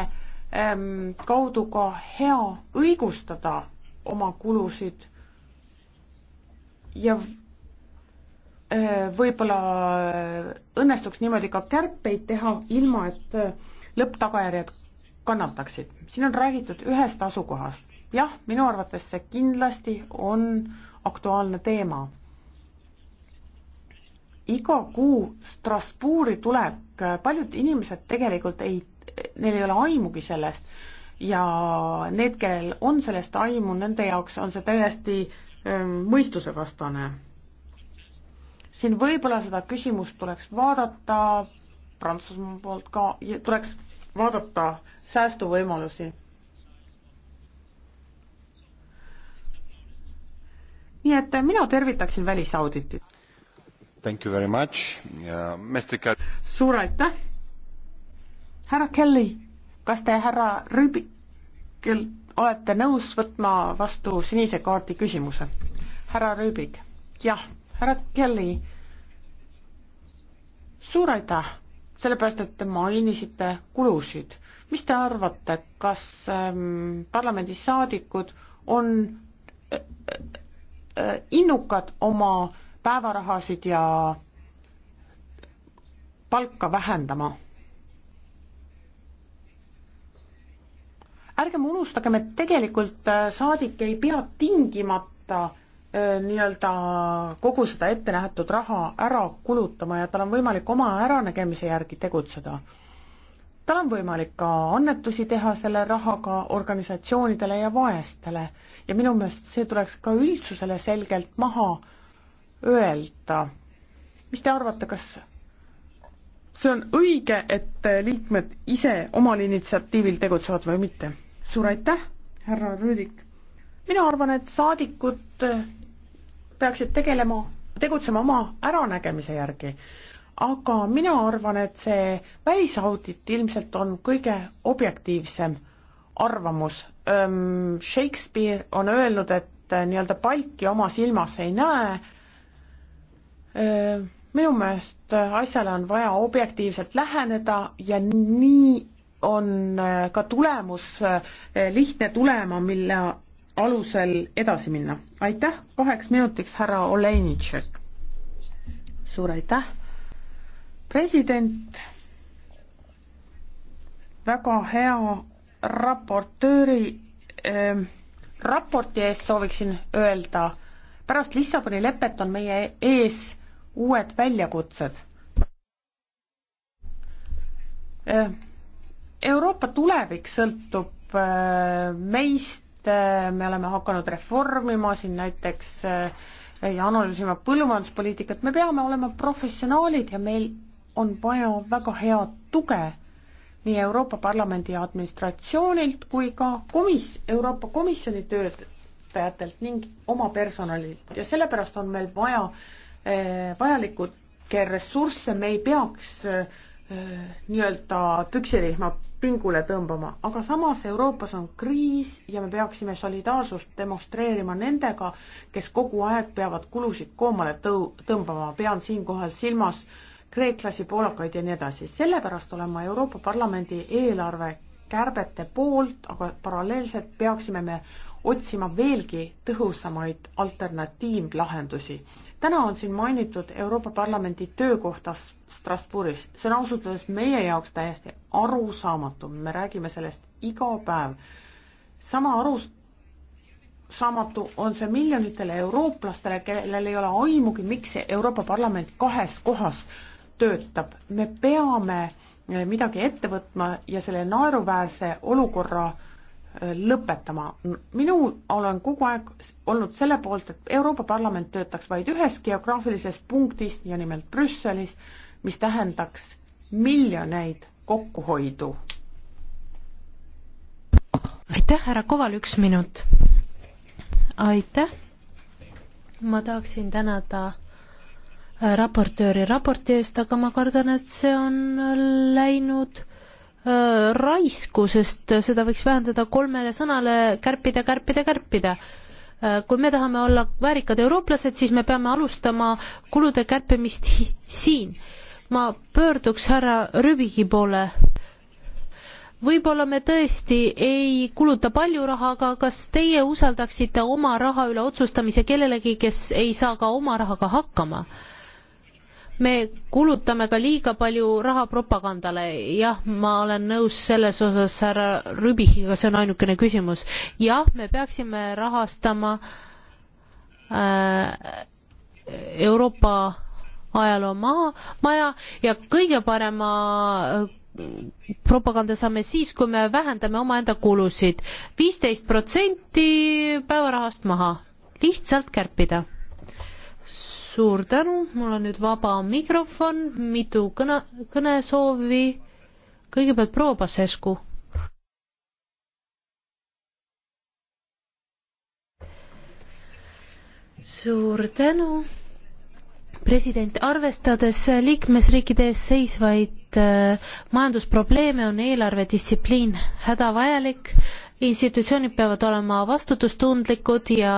ähm, kaudu ka hea õigustada oma kulusid ja äh, võib-olla äh, õnnestuks niimoodi ka kärpeid teha, ilma et äh, lõpptagajärjed kannataksid. siin on räägitud ühest asukohast jah, minu arvates see kindlasti on aktuaalne teema. iga kuu Strasbourgi tulek, paljud inimesed tegelikult ei, neil ei ole aimugi sellest ja need, kellel on sellest aimu, nende jaoks on see täiesti ähm, mõistusevastane. siin võib-olla seda küsimust tuleks vaadata Prantsusmaa poolt ka, tuleks vaadata säästuvõimalusi nii et äh, mina tervitaksin välisauditit. Thank you very much uh,, Mr. suur aitäh. härra Kelly, kas te härra Rüübikil olete nõus võtma vastu sinise kaardi küsimuse? härra Rüübik, jah, härra Kelly, suur aitäh, sellepärast et te mainisite kulusid. mis te arvate, kas ähm, parlamendisaadikud on äh, Äh, innukad oma päevarahasid ja palka vähendama. ärgem unustagem, et tegelikult äh, saadik ei pea tingimata äh, nii-öelda kogu seda ettenähtud raha ära kulutama ja tal on võimalik oma äranägemise järgi tegutseda tal on võimalik ka annetusi teha selle rahaga organisatsioonidele ja vaestele ja minu meelest see tuleks ka üldsusele selgelt maha öelda. mis te arvate, kas see on õige, et liikmed ise omal initsiatiivil tegutsevad või mitte? suur aitäh, härra Rüüdik. mina arvan, et saadikud peaksid tegelema, tegutsema oma äranägemise järgi aga mina arvan, et see välisaudit ilmselt on kõige objektiivsem arvamus. Shakespeare on öelnud, et äh, nii-öelda palki oma silmas ei näe. minu meelest äh, asjale on vaja objektiivselt läheneda ja nii on äh, ka tulemus lihtne tulema, mille alusel edasi minna. aitäh, kaheks minutiks härra Olenitšek. suur aitäh president, väga hea raportööri äh, raporti eest sooviksin öelda, pärast Lissaboni lepet on meie ees uued väljakutsed äh,. Euroopa tulevik sõltub äh, meist, äh, me oleme hakanud reformima siin näiteks äh, ja analüüsima põllumajanduspoliitikat, me peame olema professionaalid ja meil on vaja väga head tuge nii Euroopa Parlamendi administratsioonilt kui ka komis-, Euroopa Komisjoni töötajatelt ning oma personalilt ja sellepärast on meil vaja eh, vajalikke ressursse, me ei peaks eh, nii-öelda püksirihma pingule tõmbama, aga samas Euroopas on kriis ja me peaksime solidaarsust demonstreerima nendega, kes kogu aeg peavad kulusid koomale tõu-, tõmbama, pean siinkohal silmas äh, kreeklasi, poolakaid ja nii edasi. sellepärast olen ma Euroopa Parlamendi eelarve kärbete poolt, aga paralleelselt peaksime me otsima veelgi tõhusamaid alternatiivlahendusi. täna on siin mainitud Euroopa Parlamendi töökohta Strasbourgis, see on ausalt öeldes meie jaoks täiesti arusaamatu, me räägime sellest iga päev. sama arus-, saamatu on see miljonitele eurooplastele, kellel ei ole aimugi, miks Euroopa Parlament kahes kohas töötab, me peame eh, midagi ette võtma ja selle naeruväärse olukorra eh, lõpetama. minu olen kogu aeg olnud selle poolt, et Euroopa Parlament töötaks vaid ühes geograafilises punktis ja nimelt Brüsselis, mis tähendaks miljoneid kokkuhoidu. aitäh, härra Koval, üks minut. aitäh. ma tahaksin tänada raportööri raporti eest, aga ma kardan, et see on läinud äh, raisku, sest seda võiks vähendada kolmele sõnale kärpida, kärpida, kärpida äh,. kui me tahame olla väärikad eurooplased, siis me peame alustama kulude kärpimist siin. ma pöörduks härra Rübigi poole. võib-olla me tõesti ei kuluta palju raha, aga kas teie usaldaksite oma raha üle otsustamise kellelegi, kes ei saa ka oma rahaga hakkama? me kulutame ka liiga palju raha propagandale, jah, ma olen nõus selles osas härra Rübihiga, see on ainukene küsimus. jah, me peaksime rahastama äh, Euroopa ajaloo maha, maja ja kõige parema äh, propaganda saame siis, kui me vähendame omaenda kulusid. viisteist protsenti päevarahast maha, lihtsalt kärpida suur tänu, mul on nüüd vaba mikrofon, mitu kõne, kõnesoovi. kõigepealt proua Pasescu. suur tänu, president, arvestades liikmesriikide ees seisvaid äh, majandusprobleeme, on eelarvedistsipliin hädavajalik institutsioonid peavad olema vastutustundlikud ja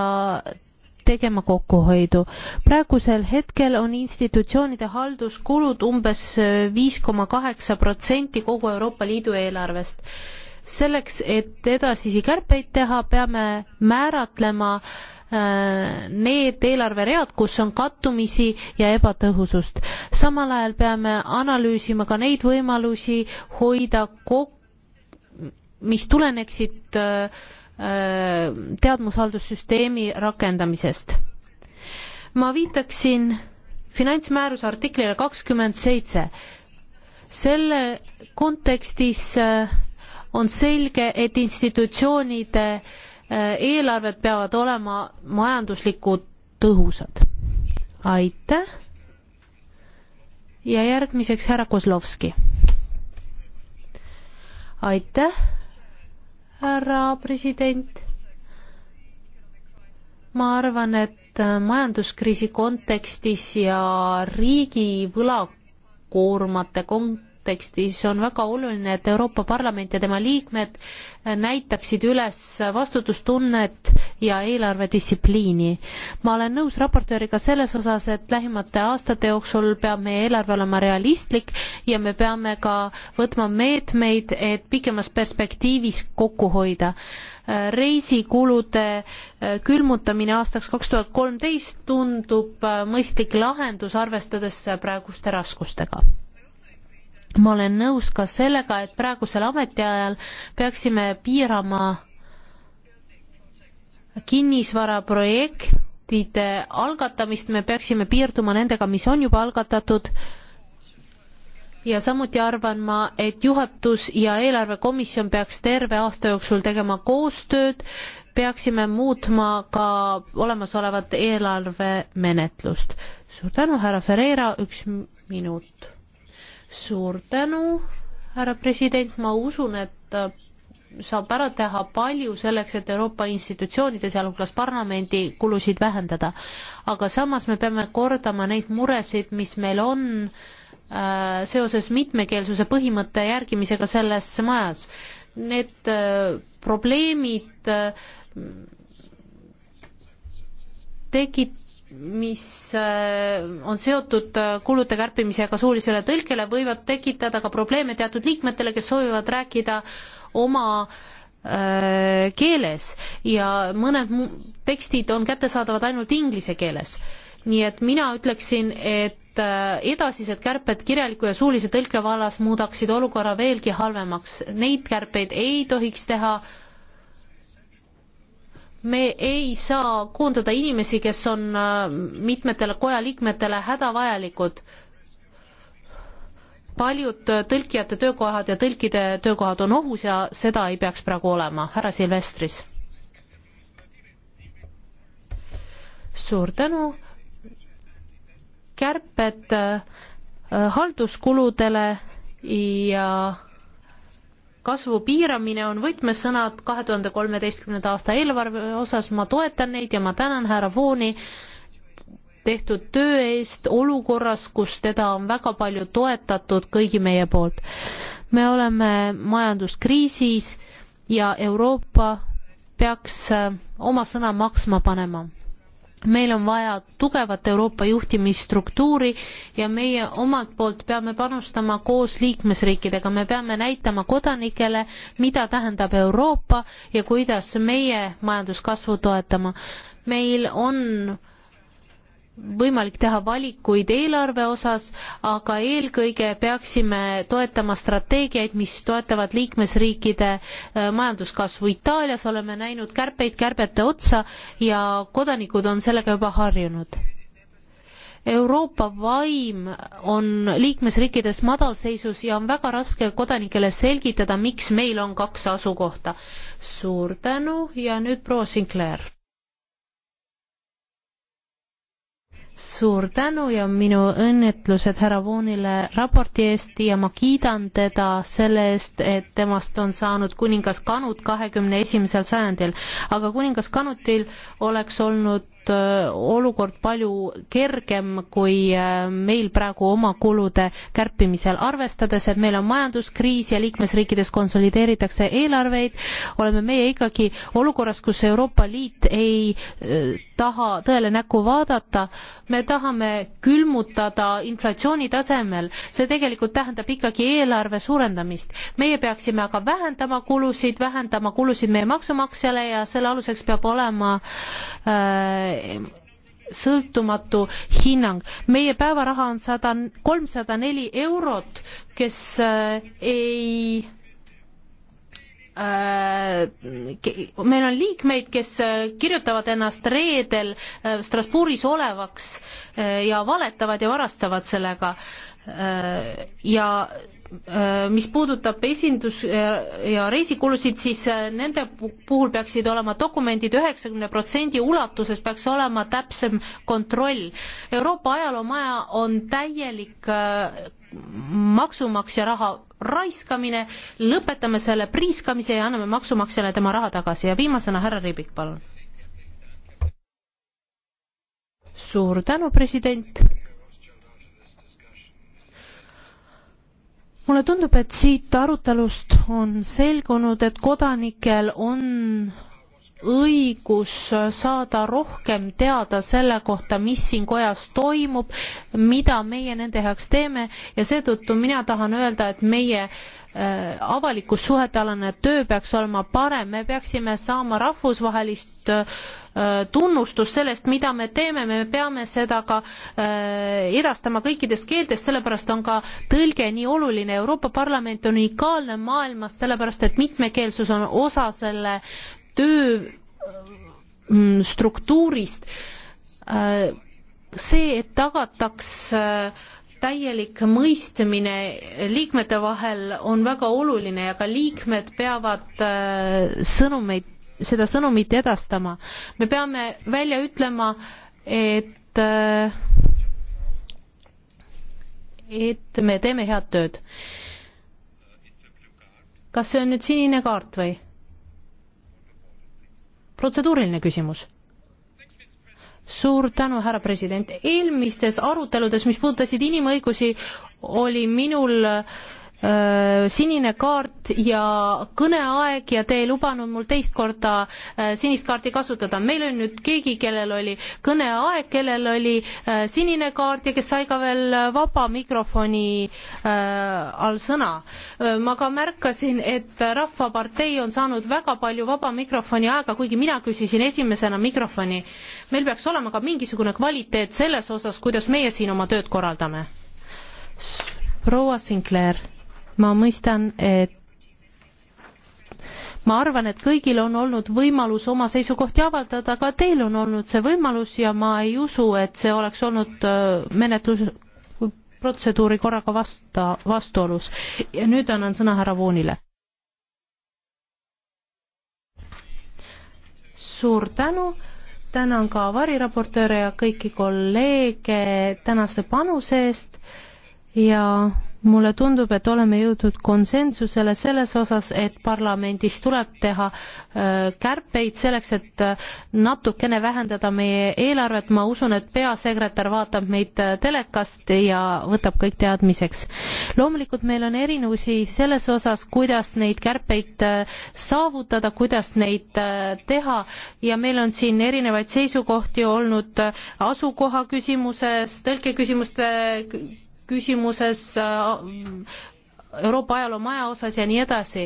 tegema kokkuhoidu. praegusel hetkel on institutsioonide halduskulud umbes äh, viis koma kaheksa protsenti kogu Euroopa Liidu eelarvest. selleks, et edasisi kärpeid teha, peame määratlema äh, need eelarveread, kus on kattumisi ja ebatõhusust. samal ajal peame analüüsima ka neid võimalusi hoida kokku, mis tuleneksid äh, teadmushaldussüsteemi rakendamisest. ma viitaksin finantsmääruse artiklile kakskümmend seitse. selle kontekstis äh, on selge, et institutsioonide äh, eelarved peavad olema majanduslikult tõhusad. aitäh. ja järgmiseks härra Kozlovski. aitäh härra president. ma arvan, et majanduskriisi kontekstis ja riigi võlakoormate kontekstis on väga oluline, et Euroopa Parlament ja tema liikmed näitaksid üles vastutustunnet ja eelarvedistsipliini. ma olen nõus raportööriga selles osas, et lähimate aastate jooksul peab meie eelarve olema realistlik ja me peame ka võtma meetmeid, et pikemas perspektiivis kokku hoida reisikulude äh, külmutamine aastaks kaks tuhat kolmteist tundub äh, mõistlik lahendus, arvestades praeguste raskustega ma olen nõus ka sellega, et praegusel ametiajal peaksime piirama kinnisvaraprojektide algatamist, me peaksime piirduma nendega, mis on juba algatatud ja samuti arvan ma, et juhatus ja eelarvekomisjon peaks terve aasta jooksul tegema koostööd, peaksime muutma ka olemasolevat eelarvemenetlust. suur tänu, härra Ferreira, üks minut. suur tänu, härra president, ma usun, et saab ära teha palju selleks, et Euroopa institutsioonide, sealhulgas parlamendi kulusid vähendada. aga samas me peame kordama neid muresid, mis meil on äh, seoses mitmekeelsuse põhimõtte järgimisega selles majas. Need äh, probleemid äh, tekit-, mis äh, on seotud äh, kulude kärpimisega suulisele tõlkele, võivad tekitada ka probleeme teatud liikmetele, kes soovivad rääkida oma öö, äh, keeles ja mõned tekstid on kättesaadavad ainult inglise keeles. nii et mina ütleksin, et äh, edasised kärped kirjaliku ja suulise tõlke vallas muudaksid olukorra veelgi halvemaks. Neid kärpeid ei tohiks teha me ei saa koondada inimesi, kes on äh, mitmetele koja liikmetele hädavajalikud paljud tõlkijate töökohad ja tõlkide töökohad on ohus ja seda ei peaks praegu olema. härra Silvestris. suur tänu. kärped äh, halduskuludele ja kasvu piiramine on võtmesõnad kahe tuhande kolmeteistkümnenda aasta eelarve osas, ma toetan neid ja ma tänan härra Vooni äh, tehtud töö eest olukorras, kus teda on väga palju toetatud kõigi meie poolt. me oleme majanduskriisis ja Euroopa peaks äh, oma sõna maksma panema. meil on vaja tugevat Euroopa juhtimisstruktuuri ja meie omalt poolt peame panustama koos liikmesriikidega, me peame näitama kodanikele, mida tähendab Euroopa ja kuidas meie majanduskasvu toetama. meil on äh, võimalik teha valikuid eelarve osas, aga eelkõige peaksime toetama strateegiaid, mis toetavad liikmesriikide äh, majanduskasvu. Itaalias oleme näinud kärpeid kärbete otsa ja kodanikud on sellega juba harjunud. Euroopa vaim on liikmesriikides madalseisus ja on väga raske kodanikele selgitada, miks meil on kaks asukohta. suur tänu ja nüüd proua Sinclair suur tänu ja minu õnnetlused härra Voonile raporti eest ja ma kiidan teda selle eest, et temast on saanud kuningas Kanut kahekümne esimesel sajandil. aga kuningas Kanutil oleks olnud Äh, olukord palju kergem kui äh, meil praegu oma kulude kärpimisel, arvestades, et meil on majanduskriis ja liikmesriikides konsolideeritakse eelarveid, oleme meie ikkagi olukorras, kus Euroopa Liit ei äh, taha tõele näkku vaadata, me tahame külmutada inflatsiooni tasemel, see tegelikult tähendab ikkagi eelarve suurendamist. meie peaksime aga vähendama kulusid, vähendama kulusid meie maksumaksjale ja selle aluseks peab olema äh, sõltumatu hinnang. meie päevaraha on sada, kolmsada neli eurot, kes äh, ei äh, meil on liikmeid, kes äh, kirjutavad ennast reedel Strasbourgis olevaks ja valetavad ja varastavad sellega ja Äh, mis puudutab esindus- ja reisikulusid, siis äh, nende puhul peaksid olema dokumendid üheksakümne protsendi ulatuses peaks olema täpsem kontroll. Euroopa ajaloomaja on täielik äh, maksumaksja raha raiskamine, lõpetame selle priiskamise ja anname maksumaksjale tema raha tagasi ja viimasena härra Ribik, palun. suur tänu, president mulle tundub, et siit arutelust on selgunud, et kodanikel on õigus saada rohkem teada selle kohta, mis siin kojas toimub, mida meie nende heaks teeme ja seetõttu mina tahan öelda, et meie äh, avalikus suhetealane töö peaks olema parem, me peaksime saama rahvusvahelist äh, Äh, tunnustus sellest, mida me teeme, me peame seda ka äh, edastama kõikides keeltes, sellepärast on ka tõlge nii oluline. Euroopa Parlament on unikaalne maailmas, sellepärast et mitmekeelsus on osa selle töö äh, struktuurist. see, et tagataks täielik mõistmine liikmete vahel on väga oluline ja ka liikmed peavad sõnumeid seda sõnumit edastama. me peame välja ütlema, et äh, et me teeme head tööd. kas see on nüüd sinine kaart või? protseduuriline küsimus suur tänu, härra president. eelmistes aruteludes, mis puudutasid inimõigusi, oli minul äh, sinine kaart ja kõneaeg ja te ei lubanud mul teist korda sinist kaarti kasutada. meil oli nüüd keegi, kellel oli kõneaeg, kellel oli sinine kaart ja kes sai ka veel vaba mikrofoni all sõna. ma ka märkasin, et Rahvapartei on saanud väga palju vaba mikrofoni aega, kuigi mina küsisin esimesena mikrofoni. meil peaks olema ka mingisugune kvaliteet selles osas, kuidas meie siin oma tööd korraldame. proua Sinclair ma mõistan, et ma arvan, et kõigil on olnud võimalus oma seisukohti avaldada, ka teil on olnud see võimalus ja ma ei usu, et see oleks olnud äh, menetlus, protseduuri korraga vasta, vastuolus. ja nüüd annan sõna härra Voonile. suur tänu, tänan ka variraportööre ja kõiki kolleege tänaste panuse eest ja mulle tundub, et oleme jõudnud konsensusele selles osas, et parlamendis tuleb teha äh, kärpeid selleks, et äh, natukene vähendada meie eelarvet, ma usun, et peasekretär vaatab meid äh, telekast ja võtab kõik teadmiseks. loomulikult meil on erinevusi selles osas, kuidas neid kärpeid saavutada, kuidas neid teha ja meil on siin erinevaid seisukohti olnud asukoha küsimuses, tõlkeküsimuste küsimuses, Euroopa ajaloo maja osas ja nii edasi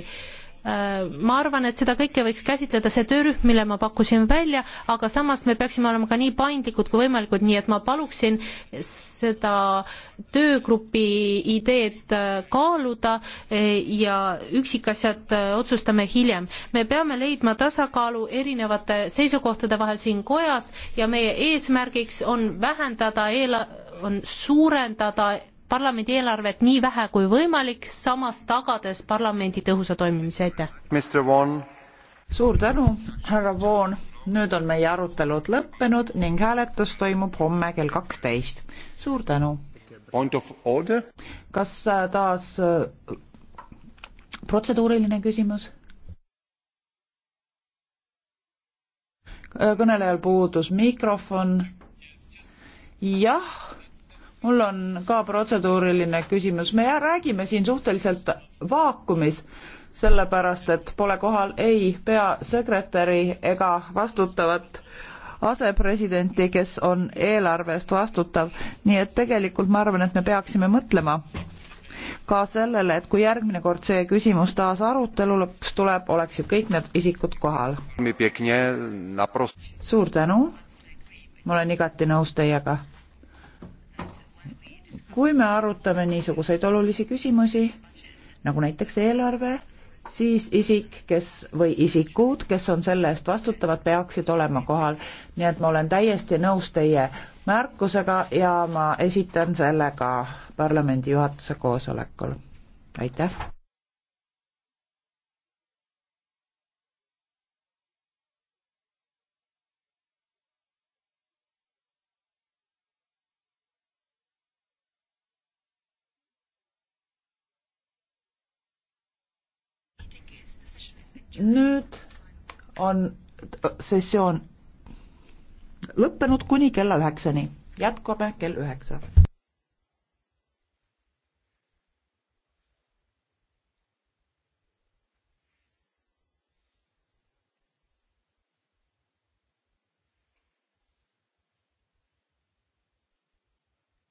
ma arvan, et seda kõike võiks käsitleda see töörühm, mille ma pakkusin välja, aga samas me peaksime olema ka nii paindlikud kui võimalikud, nii et ma paluksin seda töögrupi ideed kaaluda ja üksikasjad otsustame hiljem. me peame leidma tasakaalu erinevate seisukohtade vahel siin kojas ja meie eesmärgiks on vähendada eel-, on suurendada parlamendi eelarvet nii vähe kui võimalik, samas tagades parlamendi tõhusa toimimise, aitäh! suur tänu, härra Voon, nüüd on meie arutelud lõppenud ning hääletus toimub homme kell kaksteist. suur tänu! kas äh, taas äh, protseduuriline küsimus? kõnelejal puudus mikrofon. jah mul on ka protseduuriline küsimus, me räägime siin suhteliselt vaakumis, sellepärast et pole kohal ei peasekretäri ega vastutavat asepresidenti, kes on eelarve eest vastutav, nii et tegelikult ma arvan, et me peaksime mõtlema ka sellele, et kui järgmine kord see küsimus taas aruteluks tuleb, oleksid kõik need isikud kohal. suur tänu, ma olen igati nõus teiega kui me arutame niisuguseid olulisi küsimusi, nagu näiteks eelarve, siis isik, kes või isikud, kes on selle eest vastutavad, peaksid olema kohal. nii et ma olen täiesti nõus teie märkusega ja ma esitan selle ka parlamendi juhatuse koosolekul. aitäh! nüüd on sessioon lõppenud kuni kella üheksani. jätkame kell üheksa.